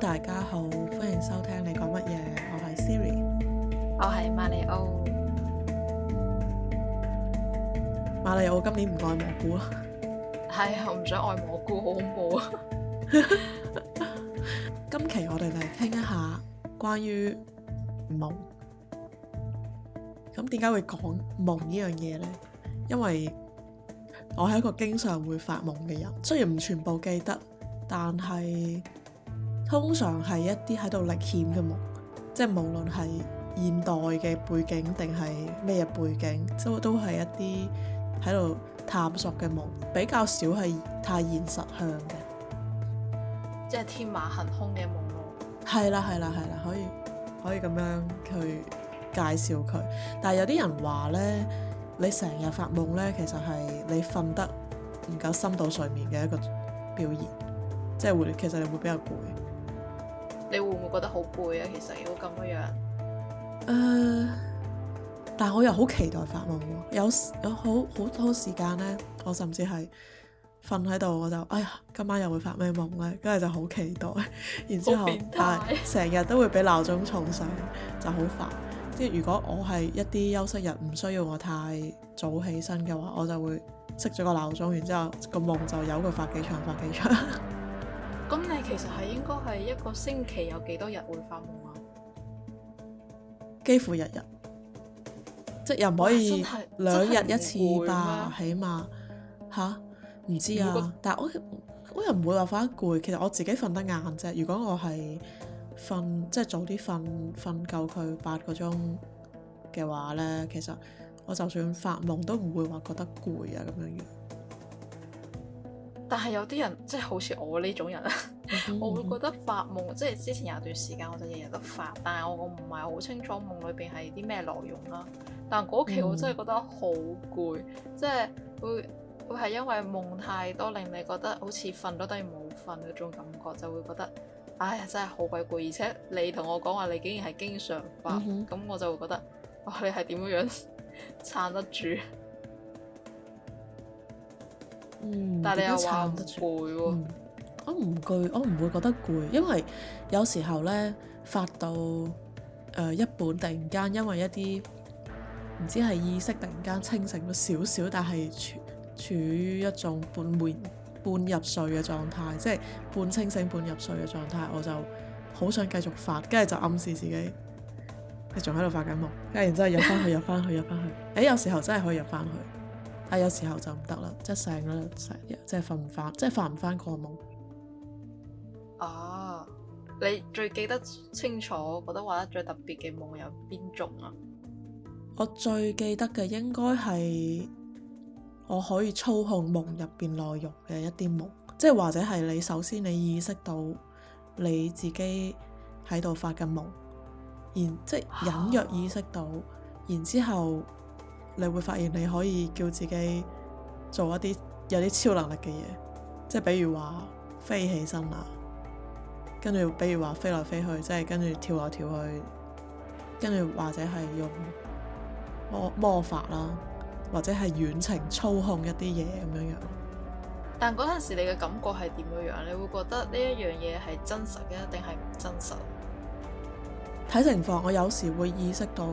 大家好，歡迎收聽。你講乜嘢？我係 Siri，我係馬里奧。馬里奧今年唔愛蘑菇咯，係 啊，我唔想愛蘑菇，好恐怖啊！ 今期我哋嚟聽一下關於夢。咁點解會講夢呢樣嘢咧？因為我係一個經常會發夢嘅人，雖然唔全部記得，但係。通常係一啲喺度歷險嘅夢，即係無論係現代嘅背景定係咩背景，都都係一啲喺度探索嘅夢，比較少係太現實向嘅，即係天馬行空嘅夢咯。係啦，係啦，係啦，可以可以咁樣去介紹佢。但係有啲人話呢，你成日發夢呢，其實係你瞓得唔夠深度睡眠嘅一個表現，即係會其實你會比較攰。你會唔會覺得好攰啊？其實如果咁樣，誒，uh, 但係我又好期待發夢喎、啊。有有好好多時間呢，我甚至係瞓喺度，我就哎呀，今晚又會發咩夢呢？跟住就好期待。然之後，但係成日都會俾鬧鐘嘈醒，就好煩。即係如果我係一啲休息日唔需要我太早起身嘅話，我就會熄咗個鬧鐘，然之後個夢就由佢發幾場發幾場。 其實係應該係一個星期有幾多日會發夢啊？幾乎日日，即又唔可以兩日一次吧？起碼吓唔知啊。果但係我我又唔會話瞓得攰。其實我自己瞓得晏啫。如果我係瞓即係早啲瞓，瞓夠佢八個鐘嘅話咧，其實我就算發夢都唔會話覺得攰啊咁樣樣。但係有啲人即係好似我呢種人啊。我會覺得發夢，即係之前有段時間，我就日日都發，但係我唔係好清楚夢裏邊係啲咩內容啦、啊。但嗰期我真係覺得好攰，嗯、即係會會係因為夢太多，令你覺得好似瞓都等於冇瞓嗰種感覺，就會覺得唉，真係好鬼攰。而且你同我講話，你竟然係經常發，咁、嗯、哼我就會覺得，哇，你係點樣撐得住？嗯、但係你又話唔攰喎。我唔攰，我唔會覺得攰，因為有時候呢，發到誒、呃、一半，突然間因為一啲唔知係意識突然間清醒咗少少，但係處處於一種半眠半入睡嘅狀態，即係半清醒半入睡嘅狀態，我就好想繼續發，跟住就暗示自己你仲喺度發緊夢，跟住然之後入翻去，入翻去，入翻去，誒、 欸、有時候真係可以入翻去，但有時候就唔得啦，即係醒啦，醒，即係瞓唔翻，即係發唔翻個夢。啊！你最記得清楚，覺得畫得最特別嘅夢有邊種啊？我最記得嘅應該係我可以操控夢入邊內容嘅一啲夢，即係或者係你首先你意識到你自己喺度發緊夢，然即係隱約意識到，啊、然之後你會發現你可以叫自己做一啲有啲超能力嘅嘢，即係比如話飛起身啊。跟住，比如話飛來飛去，即係跟住跳來跳去，跟住或者係用魔法啦，或者係遠程操控一啲嘢咁樣樣。但嗰陣時你嘅感覺係點樣樣？你會覺得呢一樣嘢係真實嘅，定係唔真實？睇情況，我有時會意識到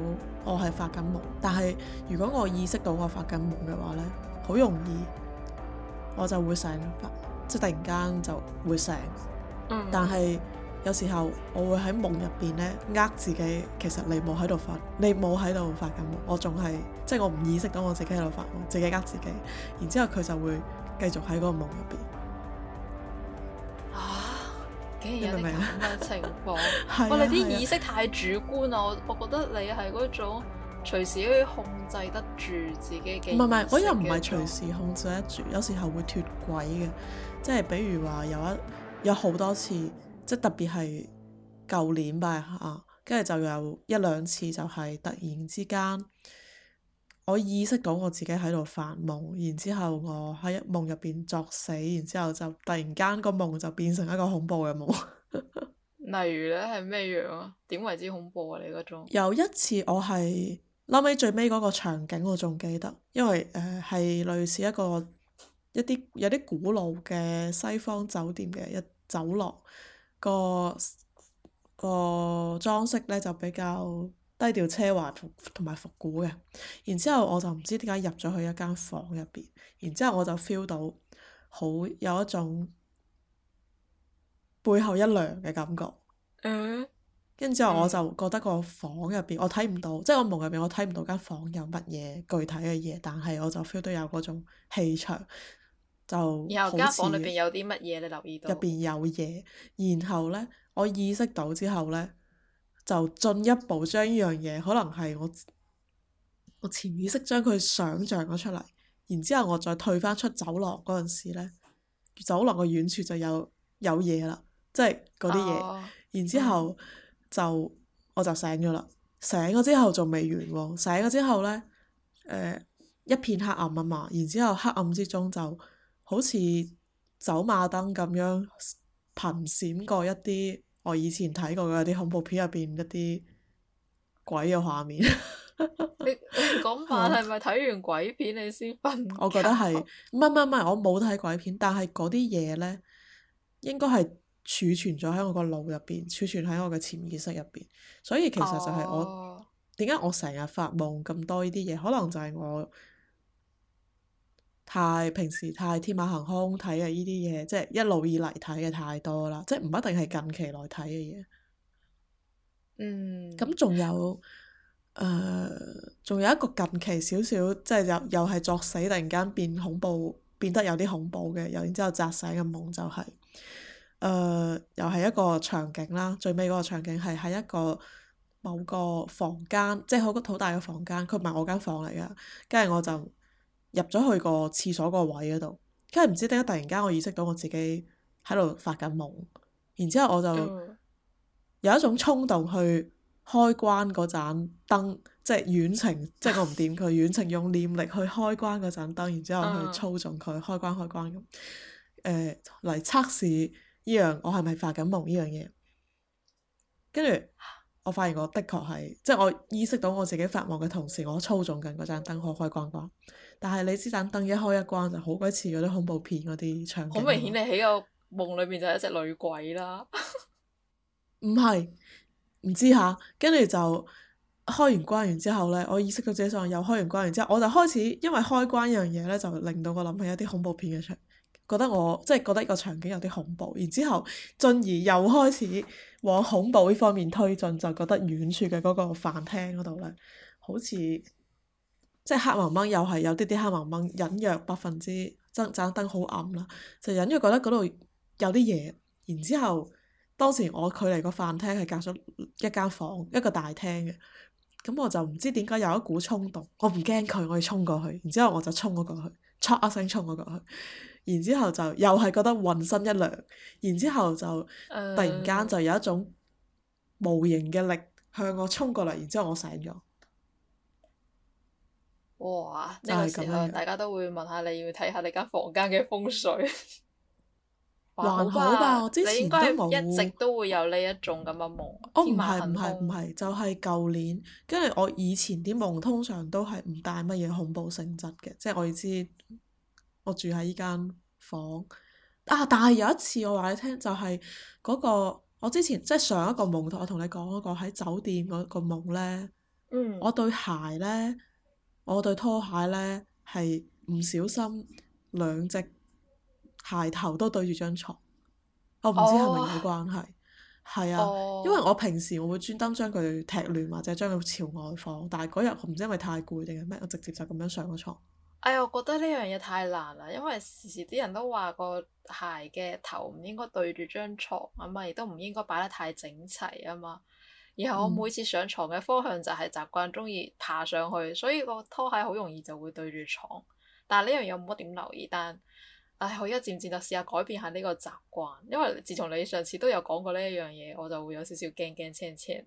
我係發緊夢，但係如果我意識到我發緊夢嘅話呢，好容易我就會醒。即係突然間就會醒。但係有時候，我會喺夢入邊呢，呃自己。其實你冇喺度發，你冇喺度發緊夢，我仲係即係我唔意識到我自己喺度發夢，自己呃自己。然之後佢就會繼續喺嗰個夢入邊。嚇、啊，竟然明？咁嘅情況！你啲意識太主觀啦！我、啊啊、我覺得你係嗰種隨時可以控制得住自己嘅。唔係唔係，我又唔係隨時控制得住，有時候會脱軌嘅，即係比如話有一。有好多次，即係特別係舊年吧嚇，啊、跟住就有一兩次就係突然之間，我意識到我自己喺度發夢，然之後我喺夢入邊作死，然之後就突然間個夢就變成一個恐怖嘅夢。 例如咧係咩樣啊？點為之恐怖啊？你嗰種？有一次我係嬲，尾最尾嗰個場景我仲記得，因為誒係、呃、類似一個一啲有啲古老嘅西方酒店嘅一。走廊、嗰個、嗰個裝飾咧就比較低調奢華同埋復古嘅，然之後我就唔知點解入咗去一間房入邊，然之後我就 feel 到好有一種背後一涼嘅感覺。跟住之後我就覺得個房入邊我睇唔到，即係我夢入邊我睇唔到間房有乜嘢具體嘅嘢，但係我就 feel 到有嗰種氣場。就好似，然後間房裏邊有啲乜嘢？你留意到入邊有嘢。然後呢，我意識到之後呢，就進一步將呢樣嘢，可能係我我潛意識將佢想象咗出嚟，然之後我再退翻出走廊嗰陣時呢，走廊嘅遠處就有有嘢啦，即係嗰啲嘢，oh. 然之後就我就醒咗啦，醒咗之後仲未完喎，醒咗之後呢，誒、呃、一片黑暗啊嘛，然之後黑暗之中就～好似走馬燈咁樣頻閃過一啲我以前睇過嘅啲恐怖片入邊一啲鬼嘅畫面。 你你嗰晚係咪睇完鬼片你先瞓？ 我覺得係，唔係唔係，我冇睇鬼片，但係嗰啲嘢咧應該係儲存咗喺我個腦入邊，儲存喺我嘅潛意識入邊。所以其實就係我點解、oh. 我成日發夢咁多呢啲嘢，可能就係我。太平時太天馬行空睇嘅呢啲嘢，即係一路以嚟睇嘅太多啦，即係唔一定係近期來睇嘅嘢。嗯。咁仲有，誒、呃，仲有一個近期少少，即係又又係作死，突然間變恐怖，變得有啲恐怖嘅、就是呃，又然之後扎醒嘅夢就係，誒，又係一個場景啦。最尾嗰個場景係喺一個某個房間，即係好個好大嘅房間，佢唔係我間房嚟㗎，跟住我就。入咗去個廁所個位嗰度，跟住唔知點解突然間我意識到我自己喺度發緊夢，然之後我就有一種衝動去開關嗰盞燈，即係遠程， 即係我唔掂佢遠程用念力去開關嗰盞燈，然之後去操縱佢 開關開關咁，誒嚟測試呢樣我係咪發緊夢呢樣嘢？跟住我發現我的確係即係我意識到我自己發夢嘅同時，我操縱緊嗰盞燈，我開關關。但係你支盞燈一開一關就好鬼似嗰啲恐怖片嗰啲場景。好明顯，你喺個夢裏面就係一隻女鬼啦。唔 係，唔知吓，跟住就開完關完之後咧，我意識到自己上又開完關完之後，我就開始因為開關一樣嘢咧，就令到我諗起一啲恐怖片嘅場，覺得我即係、就是、覺得呢個場景有啲恐怖，然之後進而又開始往恐怖呢方面推進，就覺得遠處嘅嗰個飯廳嗰度咧，好似～即係黑朦朦，又係有啲啲黑朦朦，隱約百分之，盞盞燈好暗啦，就隱約覺得嗰度有啲嘢。然之後，當時我距離個飯廳係隔咗一間房，一個大廳嘅。咁我就唔知點解有一股衝動，我唔驚佢，我要衝過去。然之後我就衝咗過去，戳一聲衝咗過去。然之後就又係覺得渾身一涼，然之後就突然間就有一種無形嘅力向我衝過嚟。然之後我醒咗。哇！呢、這個時候樣樣大家都會問下你，要睇下你間房間嘅風水，還 哇好吧？好吧，我之前有一直都會有呢一種咁嘅夢。哦，唔係唔係唔係，就係、是、舊年，跟住我以前啲夢通常都係唔帶乜嘢恐怖性質嘅，即、就、係、是、我知我住喺依間房啊。但係有一次我話你聽，就係、是、嗰、那個我之前即係、就是、上一個夢，我同你講嗰個喺酒店嗰個夢呢，嗯、我對鞋呢。我對拖鞋呢，係唔小心兩隻鞋頭都對住張床。我唔知係咪有關係。係啊，因為我平時我會專登將佢踢亂或者將佢朝外放，但係嗰日我唔知因為太攰定係咩，我直接就咁樣上咗床。哎呀，我覺得呢樣嘢太難啦，因為時時啲人都話個鞋嘅頭唔應該對住張床啊嘛，亦都唔應該擺得太整齊啊嘛。然後我每次上床嘅方向就係習慣鍾意爬上去，所以個拖鞋好容易就會對住床。但係呢樣嘢我冇乜點留意，但係唉，可、哎、我一漸漸就試下改變下呢個習慣。因為自從你上次都有講過呢一樣嘢，我就會有少少驚驚青青，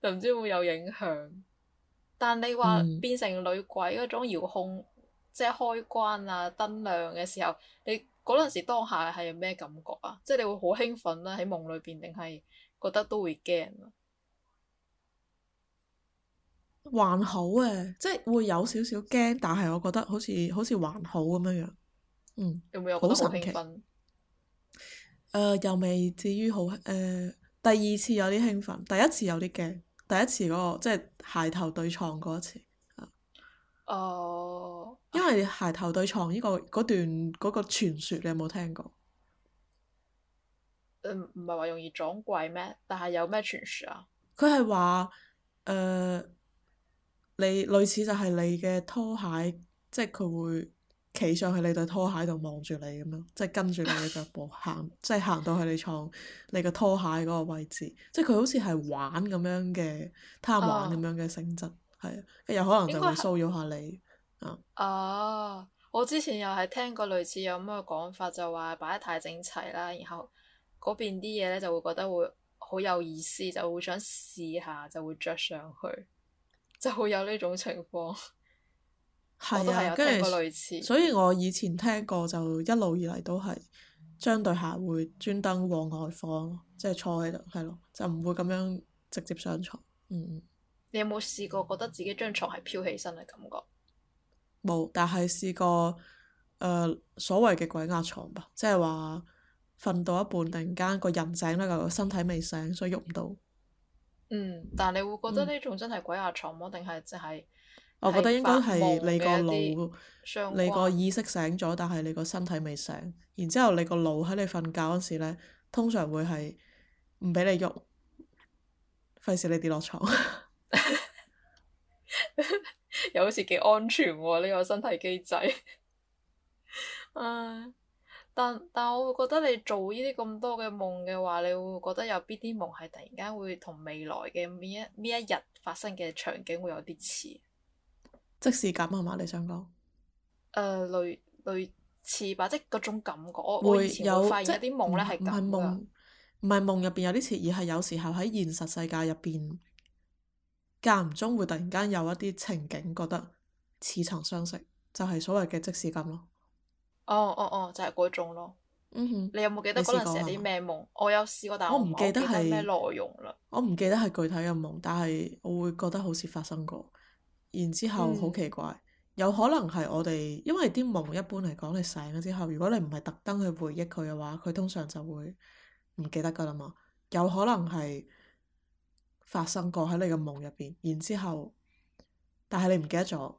就唔知會有影響。但你話變成女鬼嗰種遙控即係開關啊燈亮嘅時候，你嗰陣時當下係咩感覺啊？即係你會好興奮啦喺夢裏邊定係？覺得都會驚咯，還好誒，即係會有少少驚，但係我覺得好似好似還好咁樣樣。嗯，好神奇。誒、呃，又未至於好誒、呃。第二次有啲興奮，第一次有啲驚。第一次嗰、那個即係鞋頭對床嗰一次。哦、uh。因為鞋頭對床呢、這個嗰段嗰個傳説，你有冇聽過？唔唔，係話容易撞櫃咩？但係有咩傳說啊？佢係話誒，你類似就係你嘅拖鞋，即係佢會企上去你對拖鞋度望住你咁樣，即係跟住你嘅腳步 行，即係行到去你床你個拖鞋嗰個位置，即係佢好似係玩咁樣嘅、貪玩咁樣嘅性質，係、哦、有可能就會騷擾下你啊、嗯哦！我之前又係聽過類似有咁嘅講法，就話擺得太整齊啦，然後。嗰邊啲嘢咧，就會覺得會好有意思，就會想試下，就會着上去，就會有呢種情況。係 啊，跟住，所以我以前聽過，就一路以嚟都係將對鞋會專登往外放，即係坐喺度，係咯，就唔會咁樣直接上床。嗯，你有冇試過覺得自己張床係飄起身嘅感覺？冇、嗯，但係試過誒、呃、所謂嘅鬼壓床吧，即係話。瞓到一半，突然間個人醒咧，但個身體未醒，所以喐唔到。嗯，但係你會覺得呢種真係鬼壓床麼？定係即係？是就是、我覺得應該係你個腦，你個意識醒咗，但係你個身體未醒。然之後你個腦喺你瞓覺嗰時咧，通常會係唔俾你喐，費事你跌落牀。 有時幾安全喎呢、呢個身體機制。 啊但但我會覺得你做呢啲咁多嘅夢嘅話，你會覺得有邊啲夢係突然間會同未來嘅呢一呢一日發生嘅場景會有啲似？即視感係嘛？你想講？誒，類類似吧，即嗰種感覺，會以有會發現即啲夢咧係咁。唔係夢，唔係夢入邊有啲似，而係有時候喺現實世界入邊，間唔中會突然間有一啲情景，覺得似曾相識，就係、是、所謂嘅即視感咯。哦哦哦，就係嗰種咯。 你有冇記得嗰陣時啲咩夢？我有試過，但我唔記得係咩內容啦。我唔記得係具體嘅夢，但係我會覺得好似發生過。然之後好奇怪，嗯、有可能係我哋，因為啲夢一般嚟講，你醒咗之後，如果你唔係特登去回憶佢嘅話，佢通常就會唔記得噶啦嘛。有可能係發生過喺你嘅夢入邊，然之後，但係你唔記得咗。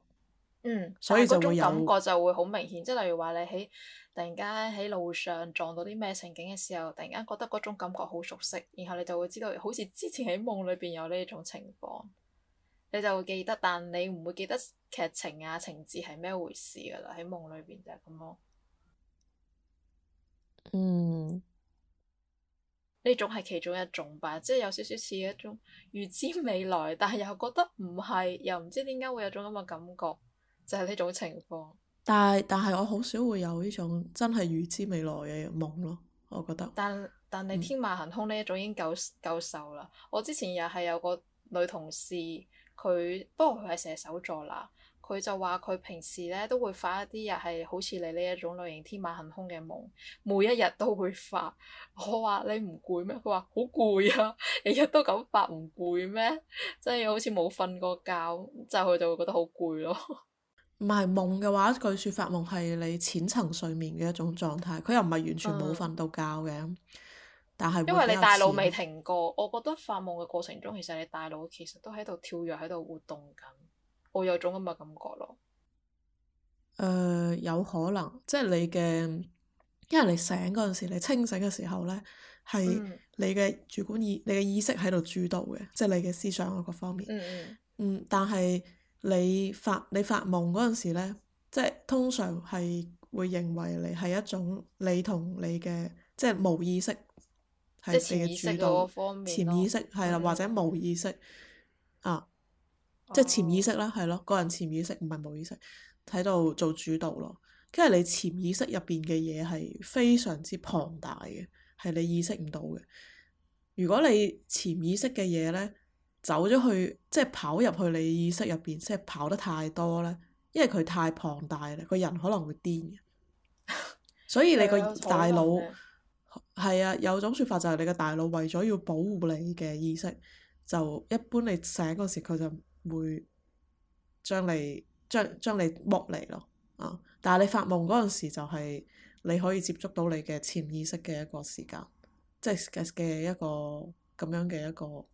嗯，所以嗰種感覺就會好明顯，即係例如話你喺突然間喺路上撞到啲咩情景嘅時候，突然間覺得嗰種感覺好熟悉，然後你就會知道好似之前喺夢裏邊有呢種情況，你就會記得，但你唔會記得劇情啊情節係咩回事噶啦。喺夢裏邊就係咁咯。嗯，呢種係其中一種吧，即係有少少似一種預知未來，但係又覺得唔係，又唔知點解會有種咁嘅感覺。就係呢種情況，但係但係我好少會有呢種真係預知未來嘅夢咯。我覺得，但但你天馬行空呢一種已經夠、嗯、夠受啦。我之前又係有個女同事，佢不過佢係射手座啦。佢就話佢平時呢都會發一啲又係好似你呢一種類型天馬行空嘅夢，每一日都會發。我話你唔攰咩？佢話好攰啊，日日都咁發唔攰咩？即係、就是、好似冇瞓過覺，之後佢、是、就會覺得好攰咯。唔係夢嘅話，據說發夢係你淺層睡眠嘅一種狀態，佢又唔係完全冇瞓到覺嘅，嗯、但係因為你大腦未停過，我覺得發夢嘅過程中，其實你大腦其實都喺度跳躍喺度活動緊，我有種咁嘅感覺咯。誒、呃，有可能，即係你嘅，因為你醒嗰陣時，你清醒嘅時候呢，係你嘅主觀意、你嘅意識喺度主導嘅，即係你嘅思想啊各方面。嗯，嗯，嗯，但係。你發你發夢嗰陣時咧，即係通常係會認為你係一種你同你嘅即係無意識，係你嘅主導，潛意，潛意識，係啦，嗯、或者無意識啊，哦、即係潛意識啦，係咯，個人潛意識唔係冇意識，喺度做主導咯。跟住你潛意識入邊嘅嘢係非常之龐大嘅，係你意識唔到嘅。如果你潛意識嘅嘢咧，走咗去，即係跑入去你意識入邊，即係跑得太多呢，因為佢太龐大啦，個人可能會癲。 所以你個大腦係啊，有種説法就係你嘅大腦為咗要保護你嘅意識，就一般你醒嗰時佢就會將你將將你剝離咯，啊，但係你發夢嗰陣時就係你可以接觸到你嘅潛意識嘅一個時間，即係嘅一個咁樣嘅一個。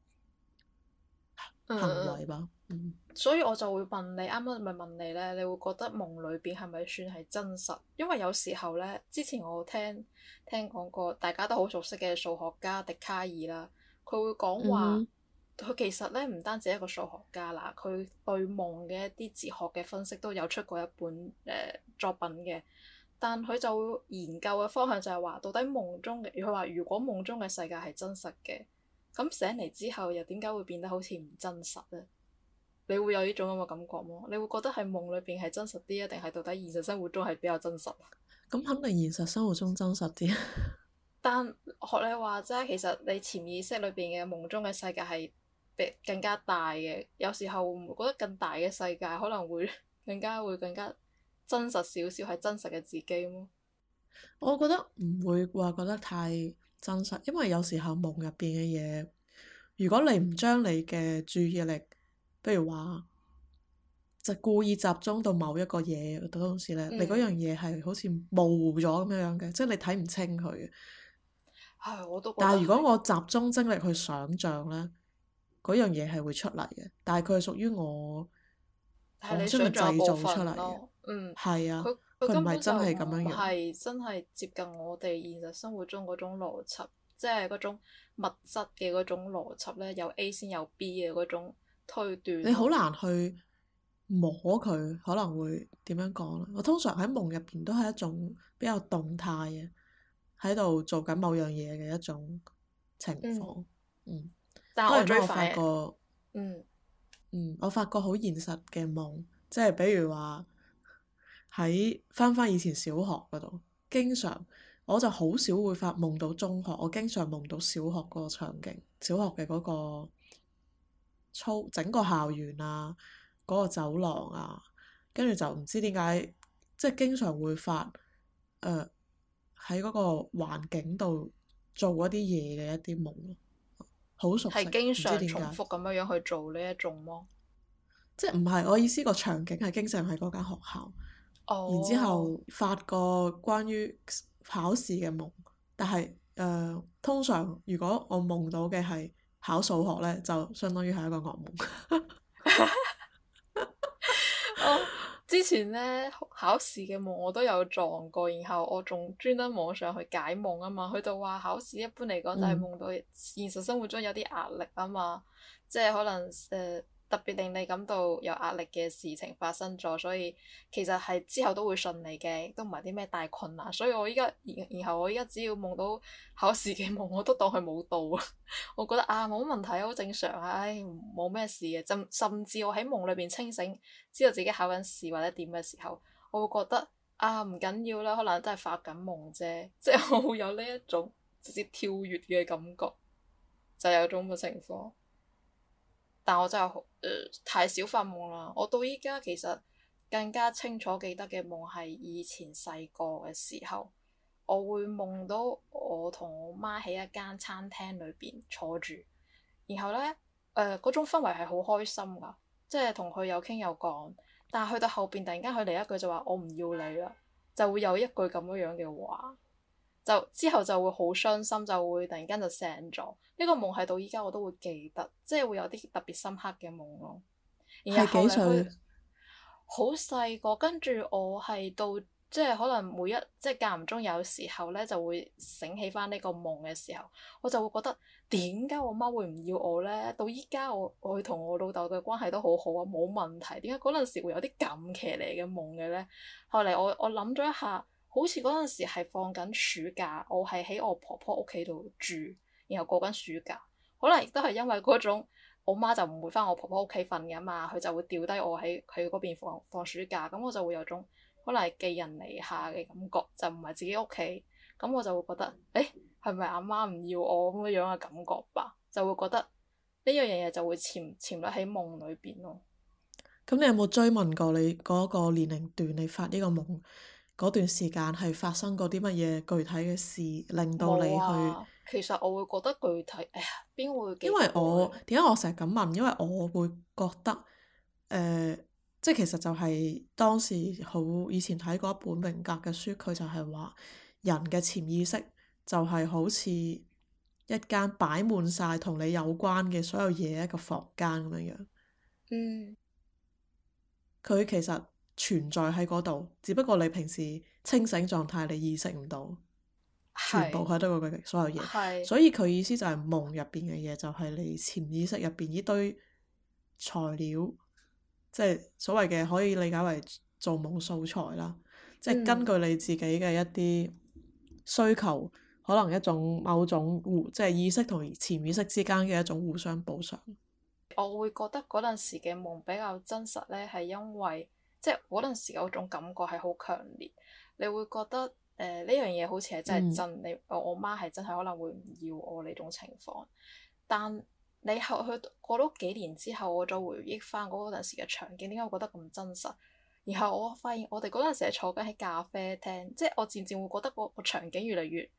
行為吧，嗯、所以我就會問你，啱啱咪問你呢，你會覺得夢裏邊係咪算係真實？因為有時候呢，之前我聽聽講過，大家都好熟悉嘅數學家笛卡爾啦，佢會講話，佢其實呢唔單止一個數學家啦，佢、嗯、對夢嘅一啲哲學嘅分析都有出過一本誒、呃、作品嘅，但佢就會研究嘅方向就係話，到底夢中，嘅，佢話如果夢中嘅世界係真實嘅。咁醒嚟之後又點解會變得好似唔真實呢？你會有呢種咁嘅感覺麼？你會覺得喺夢裏邊係真實啲，定係到底現實生活中係比較真實？咁肯定現實生活中真實啲。 但學你話齋，其實你潛意識裏邊嘅夢中嘅世界係更加大嘅，有時候會唔會覺得更大嘅世界可能會更加會更加真實少少，係真實嘅自己。我覺得唔會話覺得太。真實，因為有時候夢入邊嘅嘢，如果你唔將你嘅注意力，譬如話，就故意集中到某一個嘢嗰陣時咧，嗯、你嗰樣嘢係好似模糊咗咁樣嘅，即係你睇唔清佢。係，我都。但係如果我集中精力去想像呢，嗰樣嘢係會出嚟嘅，但係佢係屬於我，是我將喜佢製造出嚟嘅，嗯，係啊。佢唔係真係噉樣樣，根本就唔係真係接近我哋現實生活中嗰種邏輯，即係嗰種物質嘅嗰種邏輯咧，有 A 先有 B 嘅嗰種推斷。你好難去摸佢，可能會點樣講咧？我通常喺夢入邊都係一種比較動態嘅，喺度做緊某樣嘢嘅一種情況。嗯，嗯，但係我最，我發覺，嗯嗯，我發覺好現實嘅夢，即係比如話。喺翻翻以前小學嗰度，經常我就好少會發夢到中學。我經常夢到小學嗰個場景，小學嘅嗰個操整個校園啊，嗰個走廊啊，跟住就唔知點解，即係經常會發誒喺嗰個環境度做一啲嘢嘅一啲夢咯，好熟悉，係經常重複咁樣樣去做呢一種麼？即係唔係我意思？個場景係經常係嗰間學校。然之後發個關於考試嘅夢，但係誒、呃、通常如果我夢到嘅係考數學呢，就相當於係一個噩夢。我、 哦、之前呢，考試嘅夢我都有撞過，然後我仲專登網上去解夢啊嘛，佢就話考試一般嚟講就係夢到現實生活中有啲壓力啊嘛，嗯、即係可能誒。呃特別令你感到有壓力嘅事情發生咗，所以其實係之後都會順利嘅，都唔係啲咩大困難。所以我依家，然後我依家只要夢到考試嘅夢，我都當佢冇到 啊。我覺得啊，冇問題，好正常啊，唉，冇咩事嘅。甚至我喺夢裏邊清醒，知道自己考緊試或者點嘅時候，我會覺得啊，唔緊要啦，可能真係發緊夢啫，就係，即我會有呢一種直接跳躍嘅感覺，就係，有種咁嘅情況。但我真係好，誒、呃，太少發夢啦。我到依家其實更加清楚記得嘅夢係以前細個嘅時候，我會夢到我同我媽喺一間餐廳裏邊坐住，然後呢，誒、呃，嗰種氛圍係好開心噶，即係同佢有傾有講。但係去到後邊，突然間佢嚟一句就話我唔要你啦，就會有一句咁樣樣嘅話。就之後就會好傷心，就會突然間就醒咗。呢個夢係到依家我都會記得，即係會有啲特別深刻嘅夢咯。然後幾歲？好細個，跟住我係到即係可能每一即係間唔中，有時候呢就會醒起翻呢個夢嘅時候，我就會覺得點解我媽會唔要我呢？到依家我我同我老豆嘅關係都好好啊，冇問題。點解嗰陣時會有啲咁騎呢嘅夢嘅呢？後來」後嚟我我諗咗一下。好似嗰陣時係放緊暑假，我係喺我婆婆屋企度住，然後過緊暑假。可能亦都係因為嗰種，我媽就唔會返我婆婆屋企瞓㗎嘛，佢就會掉低我喺佢嗰邊放放暑假。咁我就會有種可能係寄人籬下嘅感覺，就唔係自己屋企。咁我就會覺得，唉、欸，係咪阿媽唔要我咁樣嘅感覺吧？就會覺得呢樣嘢就會潛潛落喺夢裏邊咯。咁你有冇追問過你嗰個年齡段，你發呢個夢？嗰段時間係發生過啲乜嘢具體嘅事，令到你去？其實我會覺得具體，因為我點解我成日咁問？因為我會覺得，呃、即係其實就係當時好以前睇過一本榮格嘅書，佢就係話人嘅潛意識就係好似一間擺滿晒同你有關嘅所有嘢，一個房間咁樣樣。佢、嗯、其實。存在喺嗰度，只不過你平時清醒狀態，你意識唔到是全部佢都嗰所有嘢。是所以佢意思就係夢入邊嘅嘢就係、是、你潛意識入邊呢堆材料，即、就、係、是、所謂嘅可以理解為做夢素材啦。即、就、係、是、根據你自己嘅一啲需求，嗯、可能一種某種互即係意識同潛意識之間嘅一種互相補償。我會覺得嗰陣時嘅夢比較真實咧，係因為。即係嗰陣時有種感覺係好強烈，你會覺得誒呢、呃、樣嘢好似係真係真的，嗯、你我我媽係真係可能會唔要我呢種情況。但你後去過咗幾年之後，我再回憶翻嗰個陣時嘅場景，點解我覺得咁真實？然後我發現我哋嗰陣時係坐緊喺咖啡廳，即係我漸漸會覺得嗰個場景越嚟越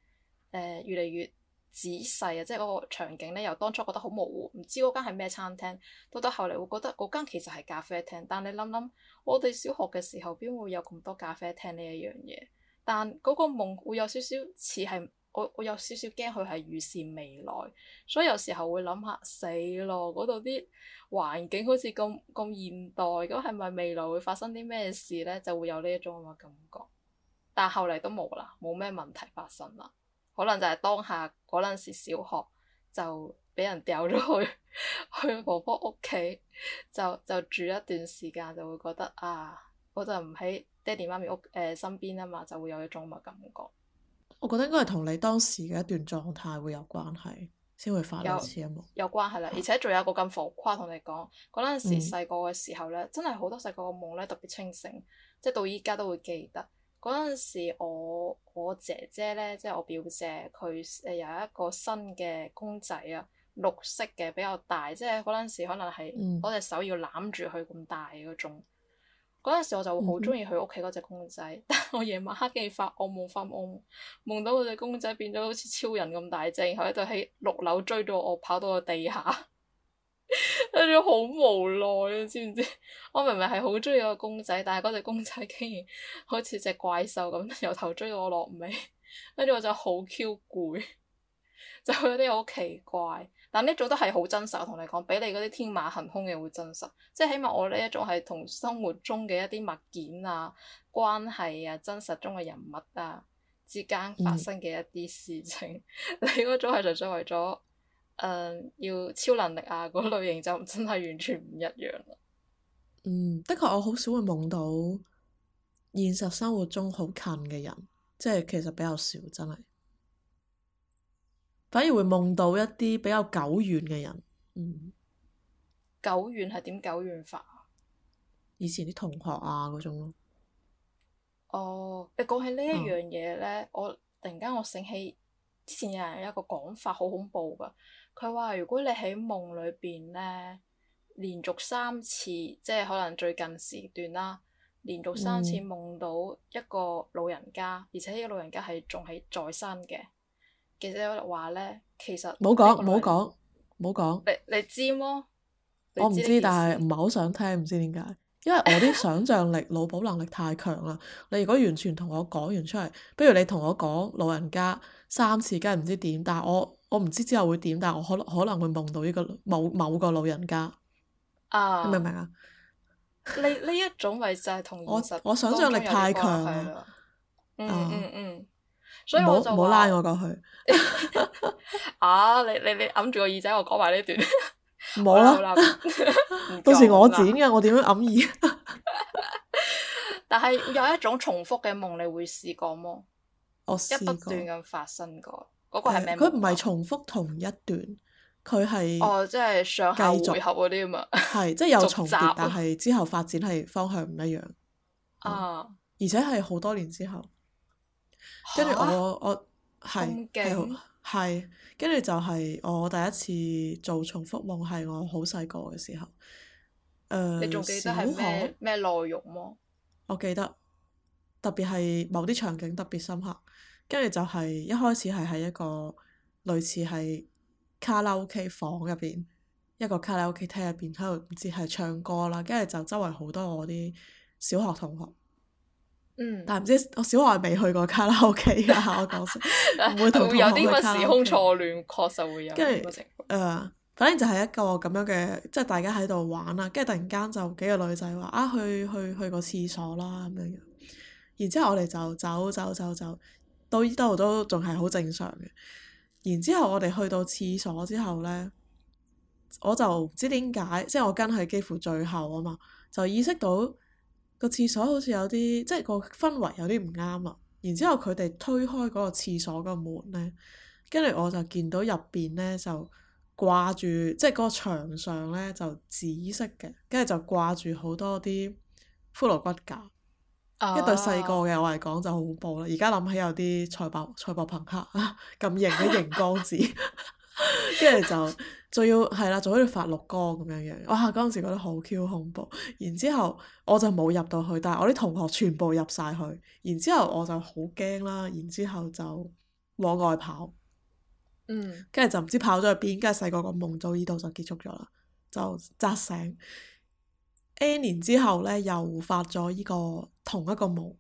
誒越嚟越。呃越仔細啊，即係嗰個場景呢，由當初覺得好模糊，唔知嗰間係咩餐廳，到到後嚟會覺得嗰間其實係咖啡廳。但你諗諗，我哋小學嘅時候邊會有咁多咖啡廳呢一樣嘢？但嗰個夢會有少少似係，我我有少少驚佢係預示未來，所以有時候會諗下，死咯，嗰度啲環境好似咁咁現代，咁係咪未來會發生啲咩事呢？就會有呢一種咁嘅感覺。但後嚟都冇啦，冇咩問題發生啦。可能就係當下嗰陣時，小學就俾人掉咗去， 去婆婆屋企，就就住一段時間，就會覺得啊，我就唔喺爹地媽咪屋誒身邊啊嘛，就會有一種乜感覺。我覺得應該係同你當時嘅一段狀態會有關係，先會發一,一有，有關係啦，而且仲有一個咁浮誇，同、啊、你講，嗰陣時細個嘅時候，時候，、嗯、時候呢，真係好多細個嘅夢呢特別清醒，即係到依家都會記得。嗰陣時我，我我姐姐呢，即係我表姐，佢誒有一個新嘅公仔啊，綠色嘅比較大，即係嗰陣時可能係我隻手要攬住佢咁大嗰種。嗰陣、嗯、時我就會好鍾意佢屋企嗰隻公仔，嗯嗯但我夜晚黑跟住發噩夢，發夢惡夢，夢到我隻公仔變咗好似超人咁大隻，然後喺度喺六樓追到我，跑到個地下。跟住好無奈啊，你知唔知？ 我明明係好中意個公仔，但係嗰隻公仔竟然好似隻怪獸咁，由頭追到我落尾，跟 住我就好 Q 攰， 就有啲好奇怪。但呢種都係好真實，我同你講，比你嗰啲天馬行空嘅會真實。即係起碼我呢一種係同生活中嘅一啲物件啊、關係啊、真實中嘅人物啊之間發生嘅一啲事情，mm hmm. 你嗰種係純粹為咗。嗯、要超能力啊！嗰類型就真係完全唔一樣。嗯，的確，我好少會夢到現實生活中好近嘅人，即係其實比較少，真係。反而會夢到一啲比較久遠嘅人。嗯，久遠係點久遠法啊？以前啲同學啊，嗰種咯。哦，你講起呢一樣嘢呢，哦、我突然間我醒起之前有人有一個講法，好恐怖噶～佢話：如果你喺夢裏邊呢，連續三次，即係可能最近時段啦，連續三次夢到一個老人家，而且呢個老人家係仲係在生嘅，其實話呢，其實冇講說，冇講，冇講。你知你知麼？我唔知，但係唔係好想聽，唔知點解，因為我啲想像力、腦補 能力太強啦。你如果完全同我講完出嚟，不如你同我講老人家三次，梗係唔知點，但係我。我唔知之後會點，但我可能可能會夢到呢個某某個老人家，啊、你明唔明啊？呢呢一種咪就係同我想象力太強咯。嗯嗯嗯，所以我就唔好拉我過去。 啊，你你你揞住個耳仔，我講埋呢段。冇啦了，到時我剪嘅，我點樣揞耳？ 但係有一種重複嘅夢，你會試過麼？我試過一不斷咁發生過。嗰個係咩夢啊？佢唔係重複同一段，佢係哦，即係上下回合啲啊嘛。係，即係有重疊，但係之後發展係方向唔一樣。啊！而且係好多年之後，跟住我我係係跟住就係我第一次做重複夢係我好細個嘅時候。誒，你仲記得係咩咩內容麼？我記得特別係某啲場景特別深刻。跟住就係一開始係喺一個類似係卡拉 OK 房入邊，一個卡拉 OK 廳入邊喺度唔知係唱歌啦，跟住就周圍好多我啲小學同學。嗯。但唔知我小學未去過卡拉 OK 啊！ 我講先、OK。會有啲乜時空錯亂，確實會有跟住，咁嘅情況、呃、反正就係一個咁樣嘅，即、就、係、係、大家喺度玩啦。跟住突然間就幾個女仔話：啊，去去去個廁所啦咁樣。然之後我哋就走走走走。走走走走走走走走到依度都仲係好正常嘅，然之後我哋去到廁所之後呢，我就唔知點解，即係我跟佢幾乎最後啊嘛，就意識到個廁所好似有啲，即係個氛圍有啲唔啱啊。然之後佢哋推開嗰個廁所個門呢，跟住我就見到入邊呢就掛住，即係嗰個牆上呢就紫色嘅，跟住就掛住好多啲骷髏骨架。一對細個嘅我嚟講就好恐怖啦！而家諗起有啲賽博賽博朋克咁型嘅熒光字，跟住 就仲要係啦，仲要發綠光咁樣樣。哇！嗰陣時覺得好 Q 恐怖，然之後我就冇入到去，但係我啲同學全部入晒去，然之後我就好驚啦，然之後就往外跑。嗯。跟住就唔知跑咗去邊，跟住細個個夢到呢度就結束咗啦，就扎醒。N 年之後咧，又發咗呢個同一個夢，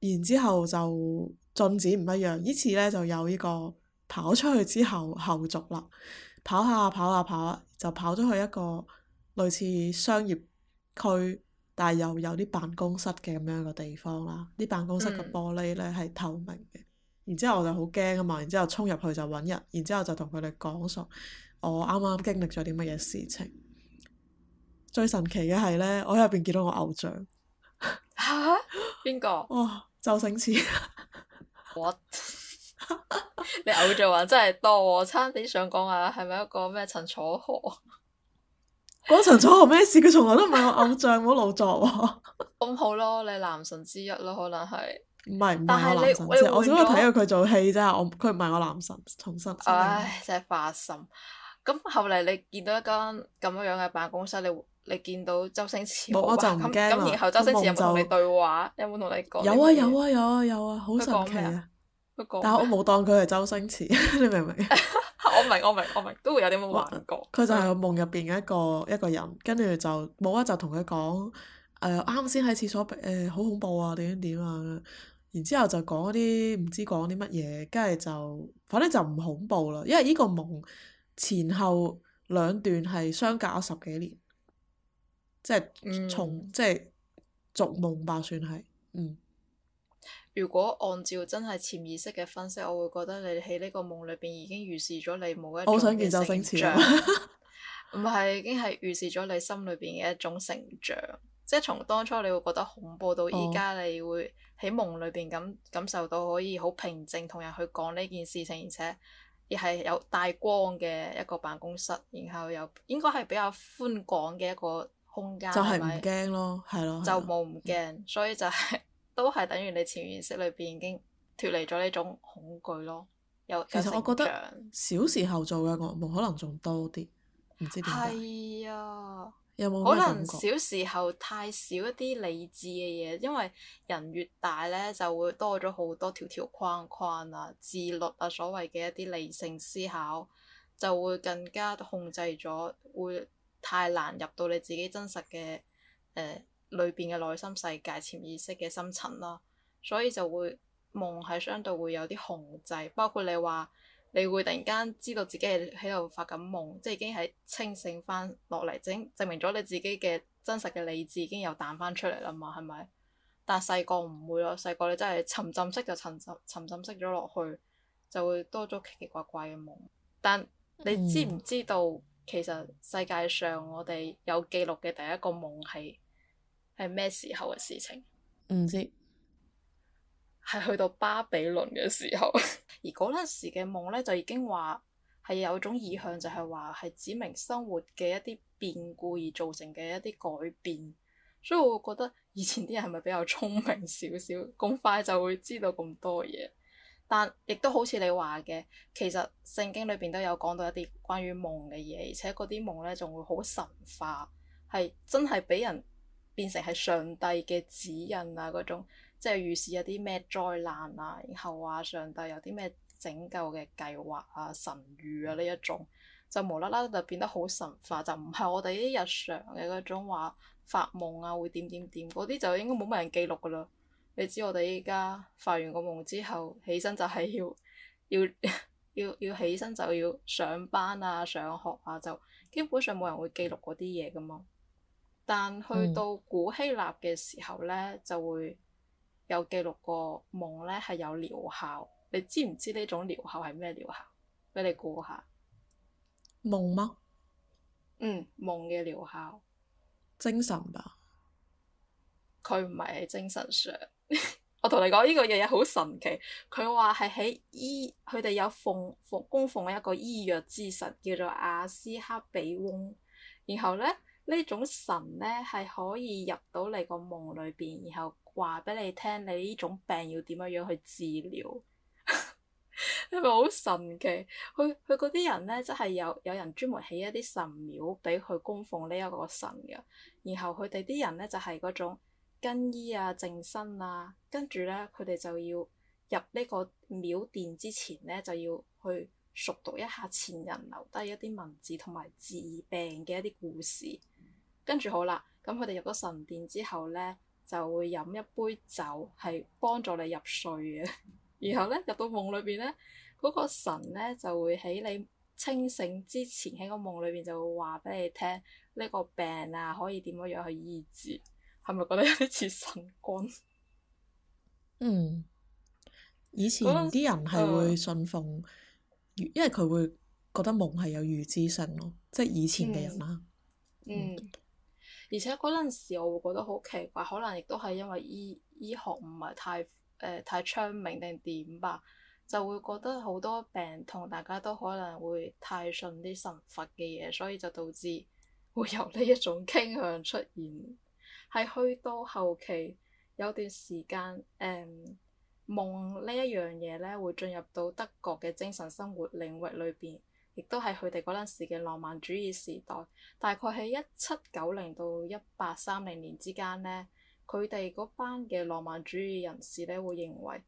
然之後就進展唔一樣。次呢次咧就有呢個跑出去之後後續啦，跑下跑下跑，就跑咗去一個類似商業區，但係又有啲辦公室嘅咁樣嘅地方啦。啲辦公室嘅玻璃咧係透明嘅，嗯、然之後我就好驚啊嘛，然之後衝入去就揾人，然之後就同佢哋講述我啱啱經歷咗啲乜嘢事情。最神奇嘅係咧，我喺入邊見到我偶、啊哦、像。嚇？邊個？哇！周星馳。What？ 你偶像還真係多，差啲想講下係咪一個咩陳楚河？嗰陳楚河咩事？佢 從來都唔係我偶像，冇老作喎、啊。咁好咯，你男神之一咯，可能係。唔係，唔係但係你我只係睇過佢做戲啫，我佢唔係我男神，重新。唉，真係花心。咁後嚟你見到一間咁樣嘅辦公室，你你見到周星馳，我就唔驚。咁然後周星馳有冇同你對話？有冇同你講？有啊有啊有啊有啊！好神奇啊！佢講咩啊？佢講，但係我冇當佢係周星馳， 你明唔明？ 我明？我明我明我明，都會有啲咁嘅幻覺。佢就係個夢入邊嘅一個一個人，跟住就冇啊，就同佢講誒啱先喺廁所誒好恐怖啊點點點啊！然之後就講啲唔知講啲乜嘢，跟住就反正就唔恐怖啦，因為呢個夢前後兩段係相隔咗十幾年。即係從即係逐夢吧，算係嗯。嗯，如果按照真係潛意識嘅分析，我會覺得你喺呢個夢裏邊已經預示咗你冇一種。我想見周星馳。唔 係，已經係預示咗你心裏邊嘅一種成長，即係從當初你會覺得恐怖到依家你會喺夢裏邊感感受到可以好平靜同人去講呢件事情，而且亦係有帶光嘅一個辦公室，然後又應該係比較寬廣嘅一個。就係唔驚咯，係咯， 就冇唔驚， 所以就係、是、都係等於你潛意識裏邊已經脫離咗呢種恐懼咯。其實我覺得小時候做嘅噩夢可能仲多啲，唔知點解。係啊，有冇？可能小時候太少一啲理智嘅嘢，因為人越大呢，就會多咗好多條條框框啊、自律啊、所謂嘅一啲理性思考就會更加控制咗會。太難入到你自己真實嘅誒、呃、裏邊嘅內心世界、潛意識嘅深層啦，所以就會夢喺相對會有啲控制，包括你話你會突然間知道自己係喺度發緊夢，即係已經喺清醒翻落嚟，證證明咗你自己嘅真實嘅理智已經又彈翻出嚟啦嘛，係咪？但細個唔會咯，細個你真係沉浸式就沉浸沉浸式咗落去，就會多咗奇奇怪怪嘅夢，但你知唔知道、嗯？其實世界上我哋有記錄嘅第一個夢係係咩時候嘅事情？唔知，係去到巴比倫嘅時候。 而嗰陣時嘅夢咧就已經話係有種意向，就係話係指明生活嘅一啲變故而造成嘅一啲改變，所以我覺得以前啲人係咪比較聰明少少，咁快就會知道咁多嘢？但亦都好似你話嘅，其實聖經裏邊都有講到一啲關於夢嘅嘢，而且嗰啲夢呢仲會好神化，係真係俾人變成係上帝嘅指引啊，嗰種即係預示一啲咩災難啊，然後話、啊、上帝有啲咩拯救嘅計劃啊、神諭啊呢一種，就無啦啦就變得好神化，就唔係我哋啲日常嘅嗰種話發夢啊會點點點嗰啲就應該冇乜人記錄㗎喇。你知我哋依家發完個夢之後起身就係要要要要起身就要上班啊、上學啊，就基本上冇人會記錄嗰啲嘢噶嘛。但去到古希臘嘅時候咧，嗯、就會有記錄過夢咧係有療效。你知唔知呢種療效係咩療效？俾你估下。夢嗎？嗯，夢嘅療效。精神吧。佢唔係喺精神上。 我同你講呢個嘢嘢好神奇，佢話係喺醫佢哋有奉奉供奉，奉，奉，奉一個醫藥之神叫做阿斯克比翁，然後咧，呢種神咧係可以入到你個夢裏邊，然後話俾你聽你呢種病要點樣樣去治療，係咪好神奇？佢佢嗰啲人咧真係有有人專門起一啲神廟俾佢供奉呢一個神嘅，然後佢哋啲人咧就係、是、嗰種。更衣啊，淨身啊，跟住呢，佢哋就要入呢個廟殿之前呢，就要去熟讀一下前人留低一啲文字同埋治病嘅一啲故事。跟住、嗯、好啦，咁佢哋入咗神殿之後呢，就會飲一杯酒，係幫助你入睡嘅。 然後呢，入到夢裏邊呢，嗰、嗰個神呢，就會喺你清醒之前喺個夢裏邊就會話俾你聽，呢個病啊可以點樣樣去醫治。係咪覺得有啲似神觀？嗯，以前啲人係會信奉，嗯、因為佢會覺得夢係有預知性咯，即係以前嘅人啦、嗯。嗯，嗯而且嗰陣時我會覺得好奇怪，可能亦都係因為醫醫學唔係太誒、呃、太昌明定點吧，就會覺得好多病痛，大家都可能會太信啲神佛嘅嘢，所以就導致會有呢一種傾向出現。係去到後期有段時間，誒、嗯、夢呢一樣嘢呢會進入到德國嘅精神生活領域裏邊，亦都係佢哋嗰陣時嘅浪漫主義時代。大概喺一七九零到一八三零年之間呢，佢哋嗰班嘅浪漫主義人士呢會認為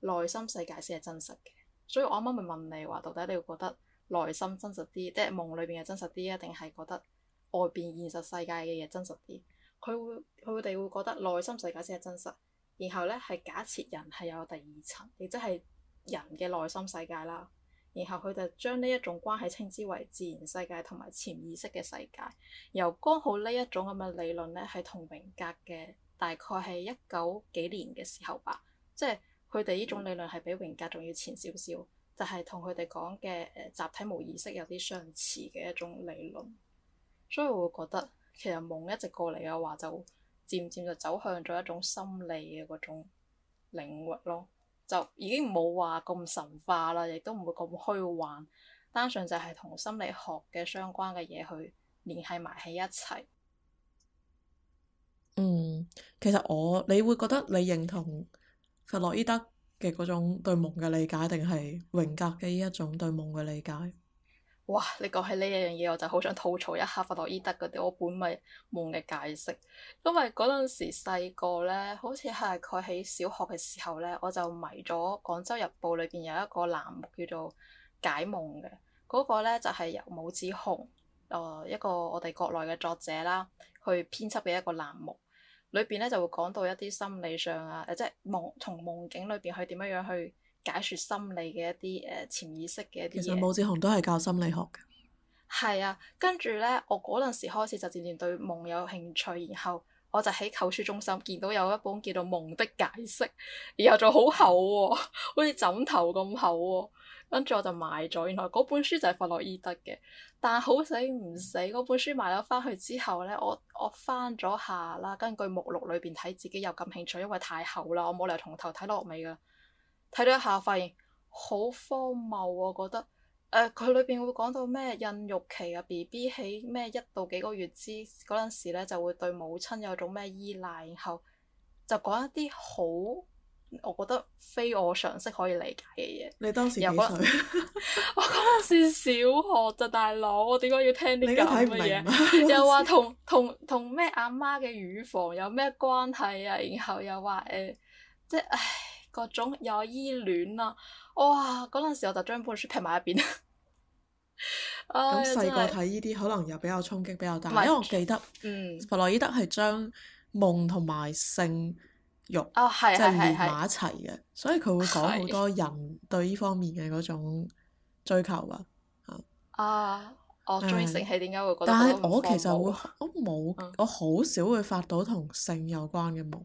內心世界先係真實嘅。所以我啱啱咪問你話，到底你會覺得內心真實啲，即係夢裏邊係真實啲啊，定係覺得外邊現實世界嘅嘢真實啲？佢會，佢哋會覺得內心世界先係真實，然後呢係假設人係有第二層，亦即係人嘅內心世界啦。然後佢就將呢一種關係稱之為自然世界同埋潛意識嘅世界。由剛好呢一種咁嘅理論呢，係同榮格嘅大概係一九幾年嘅時候吧，即係佢哋呢種理論係比榮格仲要前少少，就係同佢哋講嘅集體無意識有啲相似嘅一種理論。所以我會覺得。其實夢一直過嚟嘅話，就漸漸就走向咗一種心理嘅嗰種領域咯，就已經冇話咁神化啦，亦都唔會咁虛幻，單純就係同心理學嘅相關嘅嘢去聯繫埋喺一齊。嗯，其實我，你會覺得你認同弗洛伊德嘅嗰種對夢嘅理解，定係榮格嘅呢一種對夢嘅理解？哇！你講起呢樣嘢，我就好想吐槽一下弗洛伊德嗰啲我本咪夢嘅解釋，因為嗰陣時細個咧，好似係佢喺小學嘅時候呢，我就迷咗《廣州日報》裏邊有一個欄目叫做解夢嘅，嗰、那個呢就係由武志紅，誒、呃、一個我哋國內嘅作者啦，去編輯嘅一個欄目，裏邊呢，就會講到一啲心理上啊，即係夢從夢境裏邊去點樣樣去。解説心理嘅一啲誒潛意識嘅一啲，其實武志紅都係教心理學嘅。係 啊，跟住呢，我嗰陣時開始就漸漸對夢有興趣，然後我就喺購書中心見到有一本叫做《夢的解釋》，然後就好厚喎、哦，好似枕頭咁厚喎、哦，跟住我就買咗。原來嗰本書就係弗洛伊德嘅，但好死唔死，嗰本書買咗翻去之後呢，我我翻咗下啦，根據目錄裏邊睇自己又感興趣，因為太厚啦，我冇理由從頭睇落尾㗎。睇咗一下，發現好荒謬啊！我覺得誒，佢裏邊會講到咩孕育期啊，B B 喺咩一到幾個月之嗰陣時呢，就會對母親有種咩依賴，然後就講一啲好，我覺得非我常識可以理解嘅嘢。你當時幾歲？又說 我嗰陣時小學咋大佬，我點解要聽啲咁嘅嘢？ 又話同同同咩阿媽嘅乳房有咩關係啊？然後又話誒，即、呃、係。就是各種有依戀啦，哇！嗰陣時我就將本書劈埋一邊。咁細個睇呢啲，是可能又比較衝擊比較大，嗯、因為我記得弗洛伊德係將夢同埋性欲、哦、即係連埋一齊嘅，所以佢會講好多人對呢方面嘅嗰種追求噶。是啊，我鍾意性係點解會覺得？但係我其實會我冇，我好、嗯、少會發到同性有關嘅夢。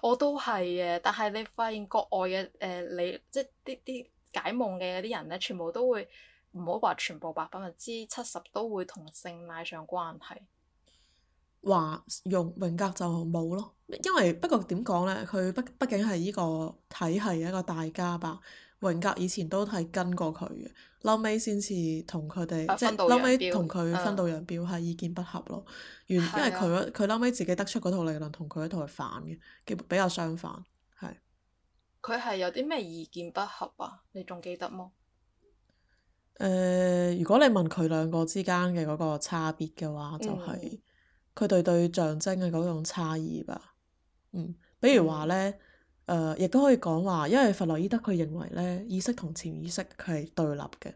我都係嘅，但係你發現國外嘅誒、呃，你即係啲啲解夢嘅啲人咧，全部都會，唔好話全部，百百分之七十都會同性拉上關係。話用榮格就冇咯，因為不過點講咧，佢畢畢竟係呢個體系一個大家吧。榮格以前都係跟過佢嘅，嬲尾先至同佢哋即係嬲尾同佢分道揚鑣，係意見不合咯。原、嗯、因為佢佢嬲尾自己得出嗰套理論同佢一套係反嘅，基比較相反，係。佢係有啲咩意見不合啊？你仲記得麼？誒、呃，如果你問佢兩個之間嘅嗰個差別嘅話，嗯、就係佢哋對象徵嘅嗰種差異吧、啊。嗯，比如話咧。嗯亦都、呃、可以講話，因為弗洛伊德佢認為咧，意識同潛意識佢係對立嘅，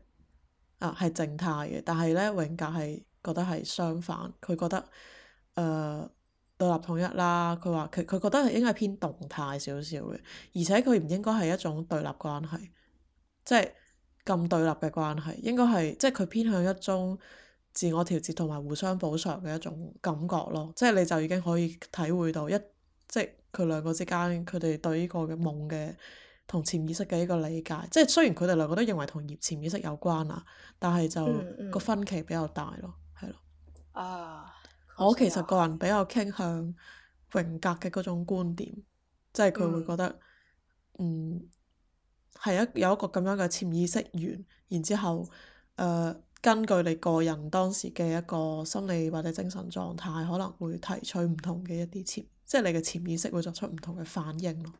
啊、呃、係靜態嘅，但係咧榮格係覺得係相反，佢覺得誒、呃、對立統一啦。佢話佢佢覺得係應該係偏動態少少嘅，而且佢唔應該係一種對立關係，即係咁對立嘅關係，應該係即係佢偏向一種自我調節同埋互相補償嘅一種感覺咯。即係你就已經可以體會到一。即係佢兩個之間，佢哋對呢個嘅夢嘅同潛意識嘅一個理解，即係雖然佢哋兩個都認為同葉潛意識有關啊，但係就個分歧比較大咯，係咯、嗯嗯。啊的！我其實個人比較傾向榮格嘅嗰種觀點，即係佢會覺得，嗯，係一、嗯、有一個咁樣嘅潛意識源，然之後，誒、呃，根據你個人當時嘅一個心理或者精神狀態，可能會提取唔同嘅一啲潛。即係你嘅潛意識會作出唔同嘅反應咯，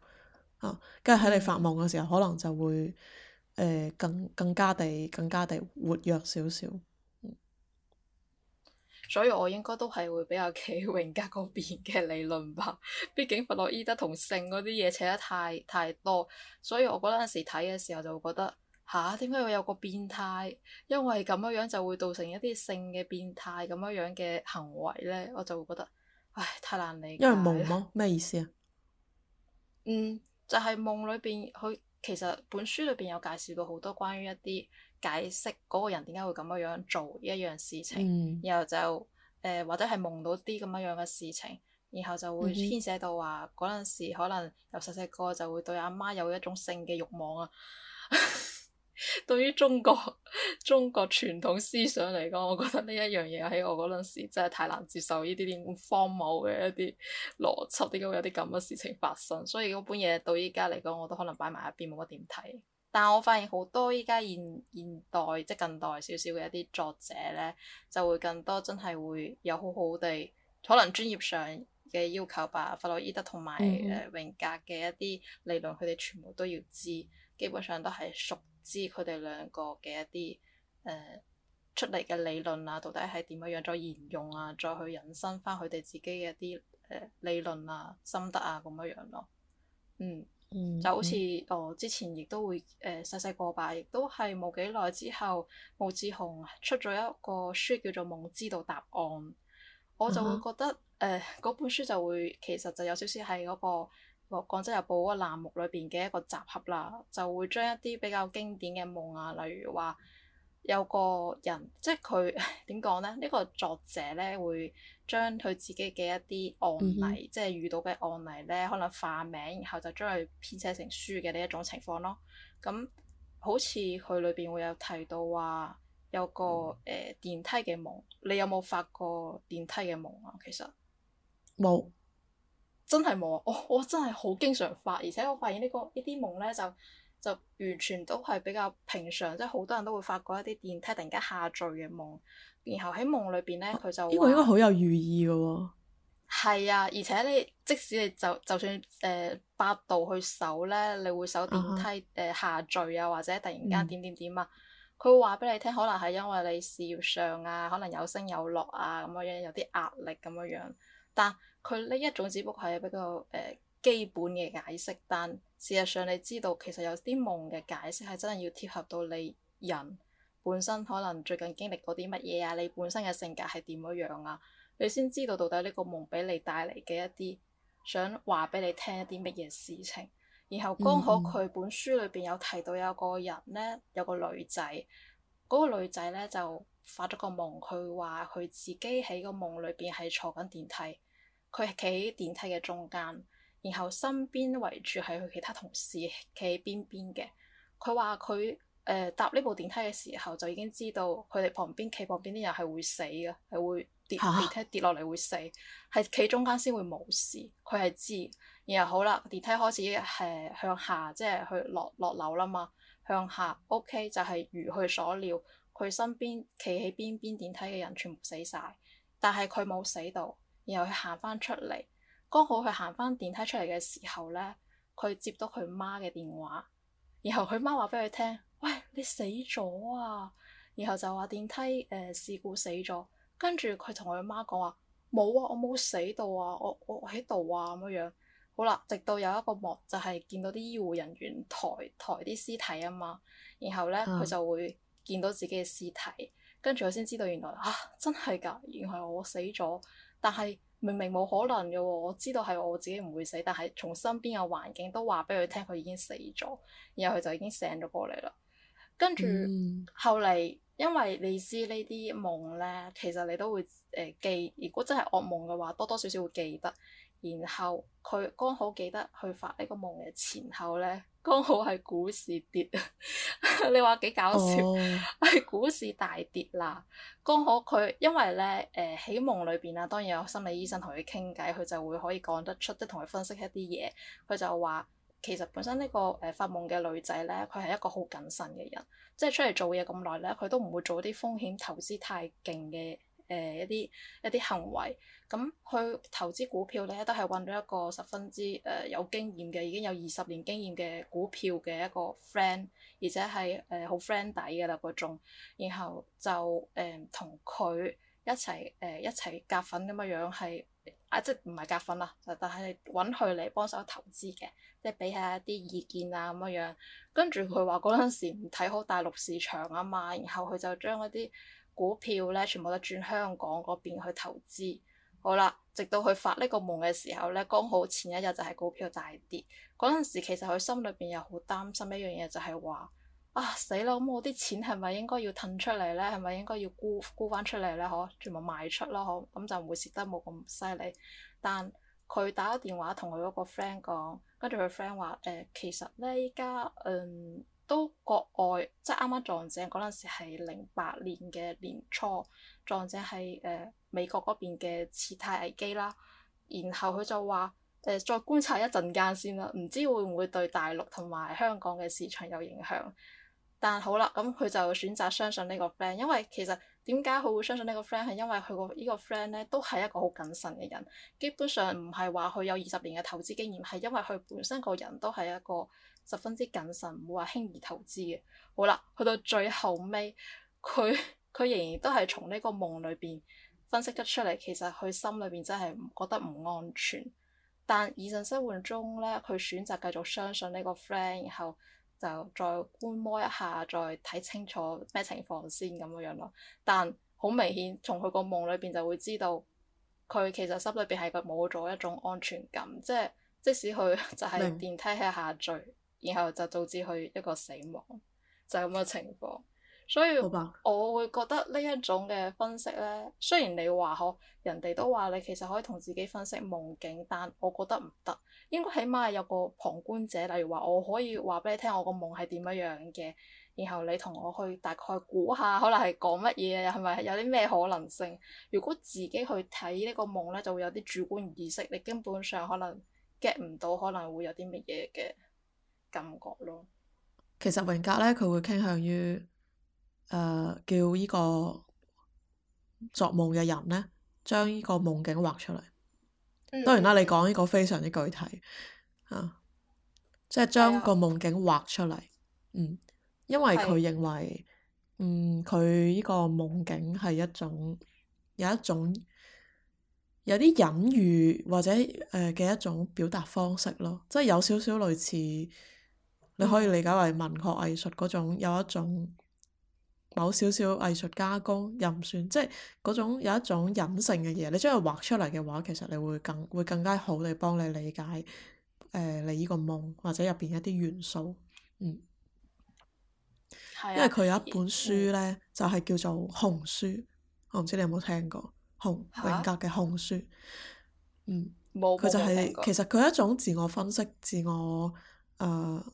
啊、跟住喺你發夢嘅時候，可能就會、呃、更更加地更加地活躍少少。所以我應該都係會比較企榮格嗰邊嘅理論吧。畢竟弗洛伊德同性嗰啲嘢扯得太太多，所以我嗰陣時睇嘅時候就覺得吓？點解會有個變態？因為咁樣就會造成一啲性嘅變態咁樣樣嘅行為呢，我就會覺得。唉，太難理解。因為夢咯，咩意思啊？嗯，就係、是、夢裏邊，佢其實本書裏邊有介紹過好多關於一啲解釋嗰個人點解會咁樣樣做一樣事情，嗯、然後就誒、呃、或者係夢到啲咁樣樣嘅事情，然後就會牽涉到話嗰陣時可能由細細個就會對阿媽，媽有一種性嘅慾望啊。 對於中國中國傳統思想嚟講，我覺得呢一樣嘢喺我嗰陣時真係太難接受，呢啲咁荒謬嘅一啲邏輯，點解會有啲咁嘅事情發生？所以嗰本嘢到依家嚟講，我都可能擺埋一邊，冇乜點睇。但我發現好多依家現現，現代即係近代少少嘅一啲作者呢，就會更多真係會有好好地可能專業上嘅要求吧。弗洛伊德同埋誒榮格嘅一啲理論，佢哋、嗯、全部都要知，基本上都係熟。知佢哋兩個嘅一啲誒、呃、出嚟嘅理論啊，到底係點樣樣再沿用啊，再去引申翻佢哋自己嘅一啲誒、呃、理論啊、心得啊咁樣樣、啊、咯。嗯，嗯就好似我、嗯哦、之前亦都會誒細細個吧，亦都係冇幾耐之後，武志紅出咗一個書叫做《夢知道答案》，我就會覺得誒嗰、uh huh. 呃、本書就會其實就有少少係嗰個。個廣州日報嗰個欄目裏邊嘅一個集合啦，就會將一啲比較經典嘅夢啊，例如話有個人即係佢點講呢？呢、呢個作者呢，會將佢自己嘅一啲案例，嗯、哼即係遇到嘅案例呢，可能化名，然後就將佢編寫成書嘅呢一種情況咯。咁好似佢裏邊會有提到話有個誒、嗯呃、電梯嘅夢，你有冇發過電梯嘅夢啊？其實冇。嗯真係冇啊！我我真係好經常發，而且我發現呢、呢個呢啲夢呢，就就完全都係比較平常，即係好多人都會發過一啲電梯突然間下墜嘅夢，然後喺夢裏邊呢，佢、啊、就呢個應該好有寓意嘅喎、哦。係啊，而且你即使你就就算誒百、呃、度去搜呢，你會搜電梯下墜啊，或者突然間點點點啊，佢、嗯、會話俾你聽，可能係因為你事業上啊，可能有升有落啊咁樣，有啲壓力咁樣，但。佢呢一種只不過係比較誒基本嘅解釋，但事實上你知道其實有啲夢嘅解釋係真係要貼合到你人本身，可能最近經歷過啲乜嘢啊？你本身嘅性格係點樣樣啊？你先知道到底呢個夢俾你帶嚟嘅一啲想話俾你聽一啲乜嘢事情。然後剛好佢本書裏邊有提到有個人呢，有個女仔，嗰個女仔呢，就發咗個夢，佢話佢自己喺個夢裏邊係坐緊電梯。佢係企喺電梯嘅中間，然後身邊圍住係佢其他同事企喺邊邊嘅。佢話佢誒搭呢部電梯嘅時候就已經知道佢哋旁邊企旁邊啲人係會死嘅，係會跌電梯跌落嚟會死，係企中間先會冇事。佢係知，然後好啦，電梯開始誒向下，即係去落落樓啦嘛。向下，OK 就係如佢所料，佢身邊企喺邊邊電梯嘅人全部死晒，但係佢冇死到。然後佢行翻出嚟，剛好佢行翻電梯出嚟嘅時候呢，佢接到佢媽嘅電話，然後佢媽話俾佢聽：喂，你死咗啊！然後就話電梯誒、呃、事故死咗。他跟住佢同佢媽講話冇啊，我冇死到啊，我我喺度啊，咁樣樣好啦。直到有一個幕就係、是、見到啲醫護人員抬抬啲屍體啊嘛，然後呢，佢、嗯、就會見到自己嘅屍體，跟住我先知道原來啊真係噶，原來我死咗。但係明明冇可能嘅喎，我知道係我自己唔會死，但係從身邊嘅環境都話俾佢聽，佢已經死咗，然後佢就已經醒咗過嚟啦。跟住後嚟、嗯，因為你知呢啲夢呢，其實你都會誒、呃、記，如果真係噩夢嘅話，多多少少會記得。然後佢剛好記得去發呢個夢嘅前後呢。剛好係股市跌， 你話幾搞笑？係、oh. 股市大跌啦，剛好佢因為呢，誒、呃、喺夢裏邊啊，當然有心理醫生同佢傾偈，佢就會可以講得出，即同佢分析一啲嘢。佢就話其實本身呢、呢個誒、呃、發夢嘅女仔呢，佢係一個好謹慎嘅人，即係出嚟做嘢咁耐呢，佢都唔會做啲風險投資太勁嘅。誒、呃、一啲一啲行為，咁去投資股票咧，都係揾到一個十分之誒、呃、有經驗嘅，已經有二十年經驗嘅股票嘅一個 friend，而且係誒好 friend 底嘅啦嗰種。然後就誒同佢一齊誒、呃、一齊夾份咁樣樣係啊，即係唔係夾份啊，但係揾佢嚟幫手投資嘅，即係俾下一啲意見啊咁樣樣。跟住佢話嗰陣時唔睇好大陸市場啊嘛，然後佢就將一啲。股票咧全部都轉香港嗰邊去投資，好啦，直到佢發呢個夢嘅時候咧，剛好前一日就係股票大跌，嗰陣時其實佢心裏邊又好擔心一樣嘢，就係話啊死啦！咁我啲錢係咪應該要騰出嚟咧？係咪應該要沽沽翻出嚟咧？好，全部賣出咯，好咁就唔會蝕得冇咁犀利。但佢打咗電話同佢嗰個 friend 講，跟住佢 friend 話誒，其實咧依家嗯。都國外即係啱啱撞正嗰陣時係零八年嘅年初，撞正係誒、呃、美國嗰邊嘅次貸危機啦。然後佢就話誒、呃、再觀察一陣間先啦，唔知會唔會對大陸同埋香港嘅市場有影響。但好啦，咁佢就選擇相信呢個 friend，因為其實點解佢會相信呢個 friend 係因為佢個依個 friend 呢都係一個好謹慎嘅人，基本上唔係話佢有二十年嘅投資經驗，係因為佢本身個人都係一個十分之謹慎，唔會話輕易投資嘅。好啦，去到最後尾，佢佢仍然都係從呢個夢裏邊分析得出嚟，其實佢心裏邊真係唔覺得唔安全。但喺現實生活中呢，佢選擇繼續相信呢個 friend，然後就再觀摩一下，再睇清楚咩情況先咁樣咯。但好明顯，從佢個夢裏邊就會知道，佢其實心裏邊係個冇咗一種安全感，即係即使佢就係電梯喺下墜。然後就導致佢一個死亡，就係咁嘅情況。所以，好棒，我會覺得呢一種嘅分析呢，雖然你話可人哋都話你其實可以同自己分析夢境，但我覺得唔得。應該起碼有個旁觀者，例如話我可以話俾你聽，我個夢係點樣嘅，然後你同我去大概估下，可能係講乜嘢，係咪有啲咩可能性？如果自己去睇呢個夢呢，就會有啲主觀意識，你根本上可能 get 唔到，可能會有啲乜嘢嘅。感覺咯，其實榮格咧，佢會傾向於誒、呃、叫呢個作夢嘅人咧，將呢個夢境畫出嚟。嗯、當然啦，你講呢個非常之具體啊，即係將個夢境畫出嚟。嗯，嗯，因為佢認為，的嗯，佢呢個夢境係一種有一種有啲隱喻或者誒嘅、呃、一種表達方式咯，即係有少少類似。你可以理解為文學藝術嗰種有一種某少少藝術加工，又唔算即係嗰種有一種隱性嘅嘢。你將佢畫出嚟嘅話，其實你會更會更加好嚟幫你理解誒、呃、你呢個夢或者入邊一啲元素。嗯，啊、因為佢有一本書呢，啊、就係叫做《紅書》，我唔知你有冇聽過《紅、啊、榮格》嘅《紅書》？嗯，佢沒就係、是、其實佢一種自我分析、自我誒。呃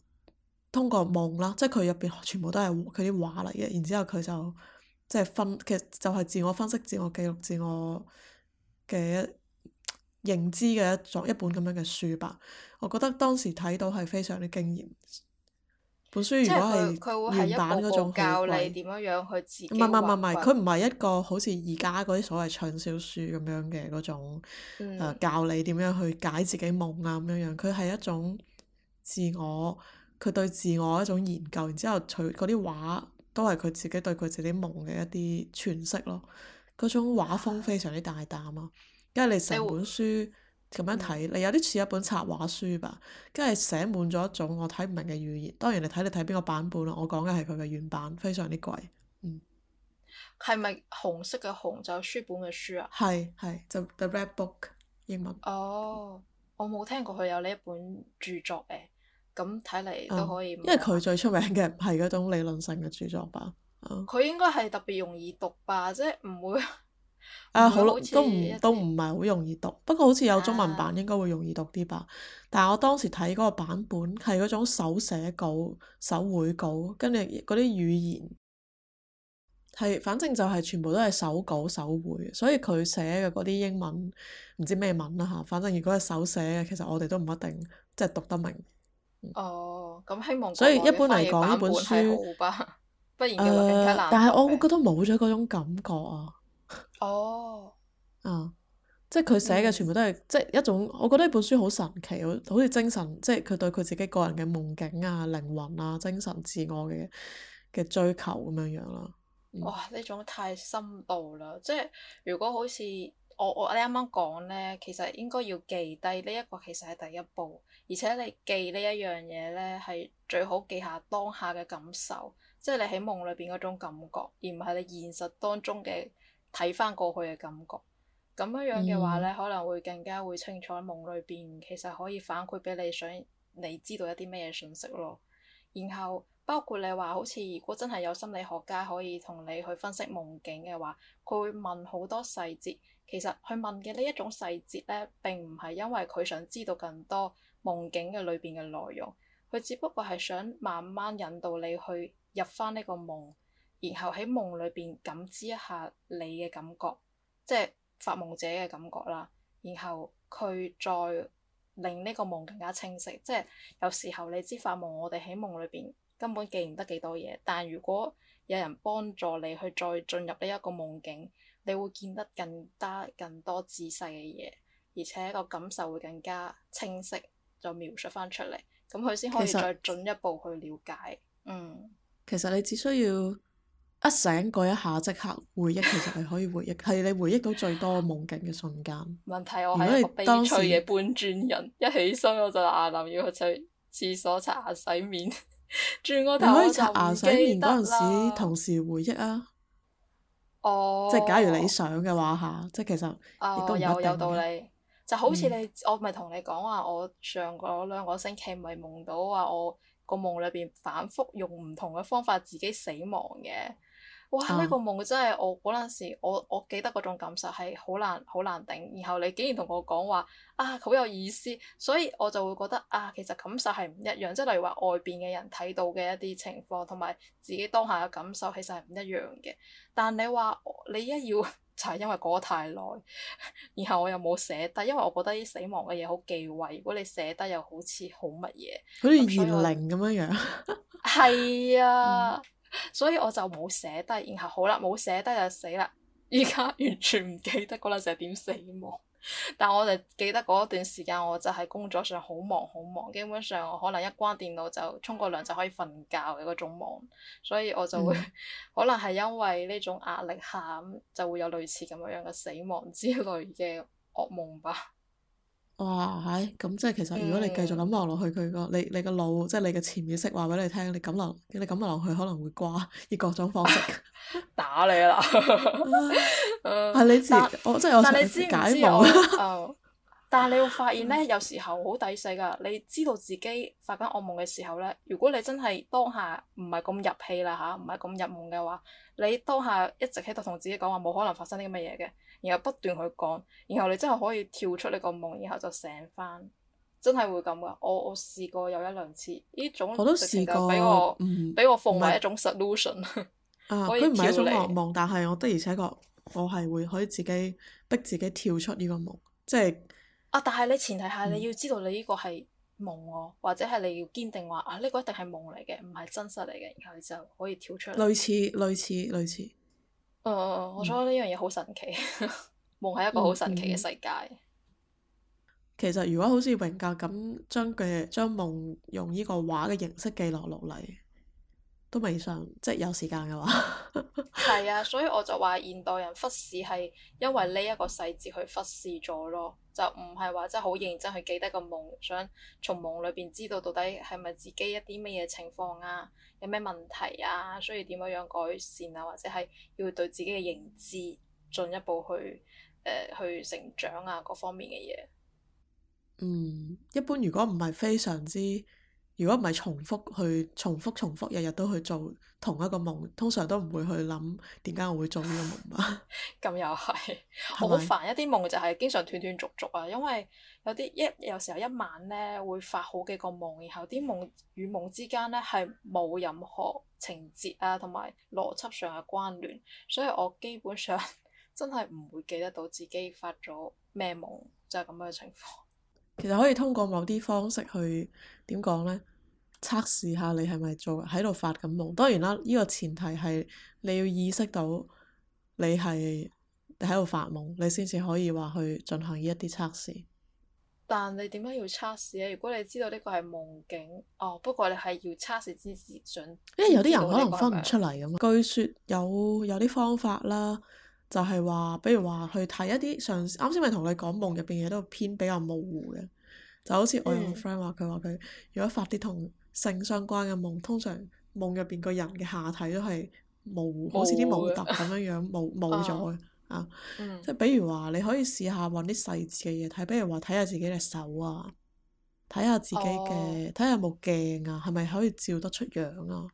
通過夢啦，即係佢入邊全部都係佢啲畫嚟嘅，然之後佢就即係分，其實就係、是、自我分析、自我記錄、自我嘅認知嘅一種一本咁樣嘅書吧。我覺得當時睇到係非常之驚艷。本書如果係原版係一部部教你點樣樣去自唔係唔係唔係，佢唔係一個好似而家嗰啲所謂暢銷書咁樣嘅嗰種誒，嗯、教你點樣去解自己夢啊咁樣樣。佢係一種自我。佢對自我一種研究，然之後佢啲畫都係佢自己對佢自己夢嘅一啲詮釋咯。嗰種畫風非常之大膽啊！跟住你成本書咁樣睇，欸嗯、你有啲似一本插畫書吧？跟住寫滿咗一種我睇唔明嘅語言。當然你睇你睇邊個版本咯。我講嘅係佢嘅原版，非常之貴。嗯，係咪紅色嘅紅就書本嘅書啊？係係就 The Red Book 英文。哦，我冇聽過佢有呢一本著作嘅。咁睇嚟都可以、啊，因為佢最出名嘅唔係嗰種理論性嘅著作吧？佢、啊啊、應該係特別容易讀吧？即係唔會誒、啊，好都唔都唔係好容易讀。不過好似有中文版應該會容易讀啲吧？啊、但係我當時睇嗰個版本係嗰種手寫稿、手繪稿，跟住嗰啲語言係，反正就係全部都係手稿手繪，所以佢寫嘅嗰啲英文唔知咩文啦嚇。反正如果係手寫嘅，其實我哋都唔一定即係、就係、讀得明。 哦，咁、嗯、希望。所以一般嚟講，本書吧，不然嘅話更加難。 呃、但係我會覺得冇咗嗰種感覺啊。 哦。啊、嗯，即係佢寫嘅全部都係，嗯、即係一種，我覺得呢本書好神奇，好似精神，即係佢對佢自己個人嘅夢境啊、靈魂啊、精神自我嘅嘅追求咁樣樣啦。嗯、哇，呢種太深度啦！即係如果好似。我我你啱啱講呢，其實應該要記低呢一個，其實係第一步。而且你記呢一樣嘢呢，係最好記下當下嘅感受，即係你喺夢裏邊嗰種感覺，而唔係你現實當中嘅睇翻過去嘅感覺。咁樣樣嘅話呢，嗯、可能會更加會清楚夢裏邊其實可以反饋俾你想你知道一啲咩嘢信息咯。然後包括你話好似如果真係有心理學家可以同你去分析夢境嘅話，佢會問好多細節。其實佢問嘅呢一種細節呢，並唔係因為佢想知道更多夢境嘅裏邊嘅內容，佢只不過係想慢慢引導你去入返呢個夢，然後喺夢裏邊感知一下你嘅感覺，即係發夢者嘅感覺啦。然後佢再令呢個夢更加清晰。即係有時候你知發夢，我哋喺夢裏邊根本記唔得幾多嘢，但如果有人幫助你去再進入呢一個夢境。你會見得更加更多仔細嘅嘢，而且個感受會更加清晰，就描述翻出嚟，咁佢先可以再進一步去了解。實嗯，其實你只需要一醒過一下即刻回憶，其實係可以回憶，係 你回憶到最多嘅夢境嘅瞬間。 問題我係個悲催嘅搬磚人，一起身我就啊諗要去廁所刷牙洗面，轉 個頭我。可以刷牙洗面嗰陣時同時回憶啊。哦、即係假如你想嘅話嚇，哦、即係其實亦都唔一定嘅。有、有道理。就好似你，嗯、我咪同你講話、啊，我上個兩個星期咪夢到話、啊，我個夢裏邊反覆用唔同嘅方法自己死亡嘅。哇！呢、這個夢真係我嗰陣時，我時我，我記得嗰種感受係好難好難頂。然後你竟然同我講話啊，好有意思。所以我就會覺得啊，其實感受係唔一樣。即係例如話外邊嘅人睇到嘅一啲情況，同埋自己當下嘅感受其實係唔一樣嘅。但你話你一要就係、是、因為過得太耐，然後我又冇寫得，因為我覺得啲死亡嘅嘢好忌諱。如果你寫得又好似好乜嘢、嗯，好似元玲咁樣樣。係 啊。嗯所以我就冇寫低，然後好啦，冇寫低就死啦。而家完全唔記得嗰陣時係點死亡，但我就記得嗰段時間我就係工作上好忙好忙，基本上我可能一關電腦就沖個涼就可以瞓覺嘅嗰種忙，所以我就會、嗯、可能係因為呢種壓力下咁就會有類似咁樣樣嘅死亡之類嘅噩夢吧。哇，唉，咁即係其實如果你繼續咁流落去，佢個、嗯、你你個腦即係、就是、你嘅潛意識話畀你聽，你咁落你咁流去可能會掛以各種方式 打你啦。係你自但我即係我解密。 但係你會發現咧，嗯、有時候好抵死㗎。你知道自己發緊惡夢嘅時候咧，如果你真係當下唔係咁入戲啦吓，唔係咁入夢嘅話，你當下一直喺度同自己講話冇可能發生啲咁嘅嘢嘅，然後不斷去講，然後你真係可以跳出呢個夢，然後就醒翻。真係會咁㗎，我我試過有一兩次，呢種其實俾我俾我、嗯、我奉為是一種 solution，佢唔、啊、 可以跳出惡夢。但係我的而且確，確，我係會可以自己逼自己跳出呢個夢，即係。嗯啊！但係你前提下，你要知道你呢個係夢喎，嗯、或者係你要堅定話啊，呢、呢個一定係夢嚟嘅，唔係真實嚟嘅，然後你就可以跳出嚟。類似、類似、類似。誒、呃，我覺得呢樣嘢好神奇， 夢係一個好神奇嘅世界。嗯嗯、其實，如果好似榮格咁將佢，將夢用呢個畫嘅形式記落落嚟。都未上，即係有時間嘅話，係 啊，所以我就話現代人忽視係因為呢一個細節去忽視咗咯，就唔係話真係好認真去記得個夢，想從夢裏邊知道到底係咪自己一啲乜嘢情況啊，有咩問題啊，需要點樣樣改善啊，或者係要對自己嘅認知進一步去、呃、去成長啊，各方面嘅嘢。嗯，一般如果唔係非常之。如果唔係重複去重複重複，日日都去做同一個夢，通常都唔會去諗點解我會做呢個夢啊。咁又係，我好 煩。一啲夢就係經常斷斷續續啊。因為有啲一有時候一晚咧會發好幾個夢，然後啲夢與夢之間咧係冇任何情節啊同埋邏輯上嘅關聯，所以我基本上真係唔會記得到自己發咗咩夢，就係咁樣嘅情況。其實可以通過某啲方式去點講咧？測試下你係咪做喺度發緊夢？當然啦，呢個前提係你要意識到你係喺度發夢，你先至可以話去進行呢一啲測試。但你點解要測試咧？如果你知道呢個係夢境，哦，不過你係要測試之前，因為有啲人可能分唔出嚟咁啊。據說有有啲方法啦，就係話，比如話去睇一啲上，啱先咪同你講夢入邊嘢都偏比較模糊嘅，就好似我有個 friend 話佢話佢如果發啲同性相關嘅夢，通常夢入邊個人嘅下體都係冇，的好似啲模特咁樣樣冇冇咗啊！即係比如話，你可以試下揾啲細節嘅嘢睇，比如話睇下自己隻手啊，睇下自己嘅睇下有冇鏡啊，係咪可以照得出樣啊？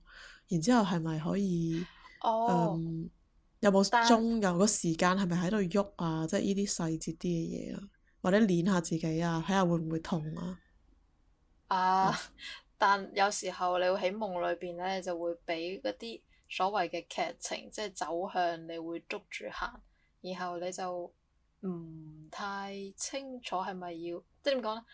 然之後係咪可以、嗯哦、有冇鐘？但有個時間係咪喺度喐啊？即係呢啲細節啲嘅嘢啊，或者捻下自己啊，睇下會唔會痛啊！啊 但有時候你會喺夢裏邊呢，就會俾嗰啲所謂嘅劇情，即係走向你會捉住行，然後你就唔太清楚係咪要，即係點講呢，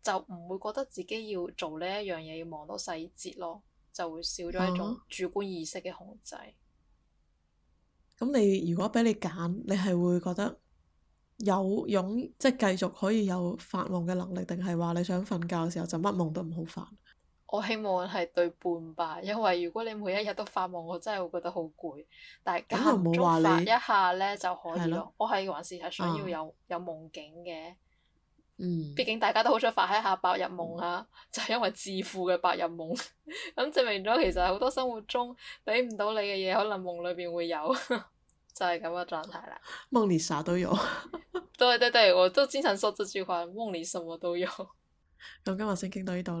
就唔會覺得自己要做呢一樣嘢，要忙到細節咯，就會少咗一種主觀意識嘅控制。咁，嗯，你如果俾你揀，你係會覺得有勇，即係繼續可以有發夢嘅能力，定係話你想瞓覺嘅時候就乜夢都唔好發？我希望係對半吧，因為如果你每一日都發夢，我真係會覺得好攰。但係間唔中發一下咧、嗯、就可以咯。嗯、我係還是係想要有有夢境嘅。嗯。畢竟大家都好想發一下白日夢啊，嗯、就係因為致富嘅白日夢。咁 證明咗其實好多生活中俾唔到你嘅嘢，可能夢裏邊會有， 就係咁嘅狀態啦。夢裏啥都有。 對對對，我都經常說這句話，夢裏什麼都有。咁 今日先傾到呢度。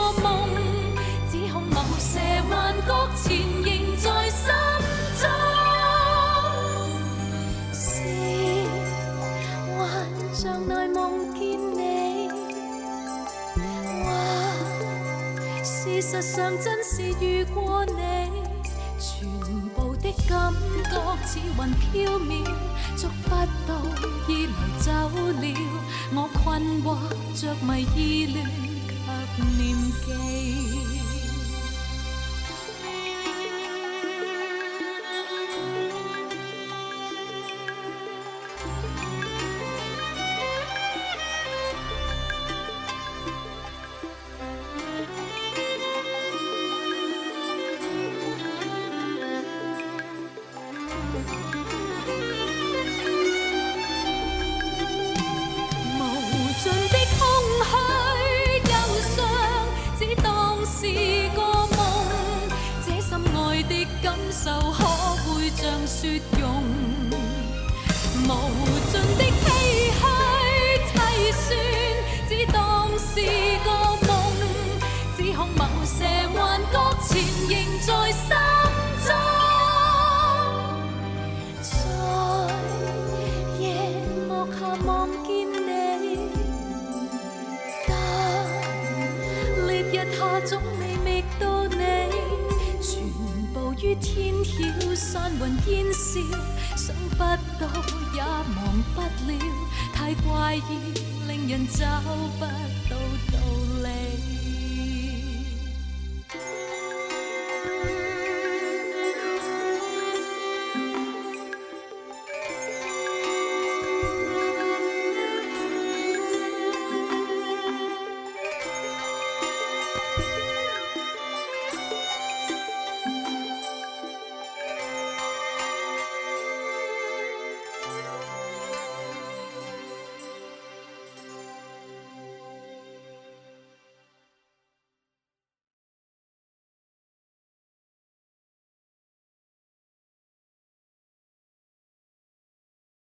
曾真是遇過你，全部的感覺似雲飄渺，觸不到已流走了，我困惑、着迷、意亂、卻念。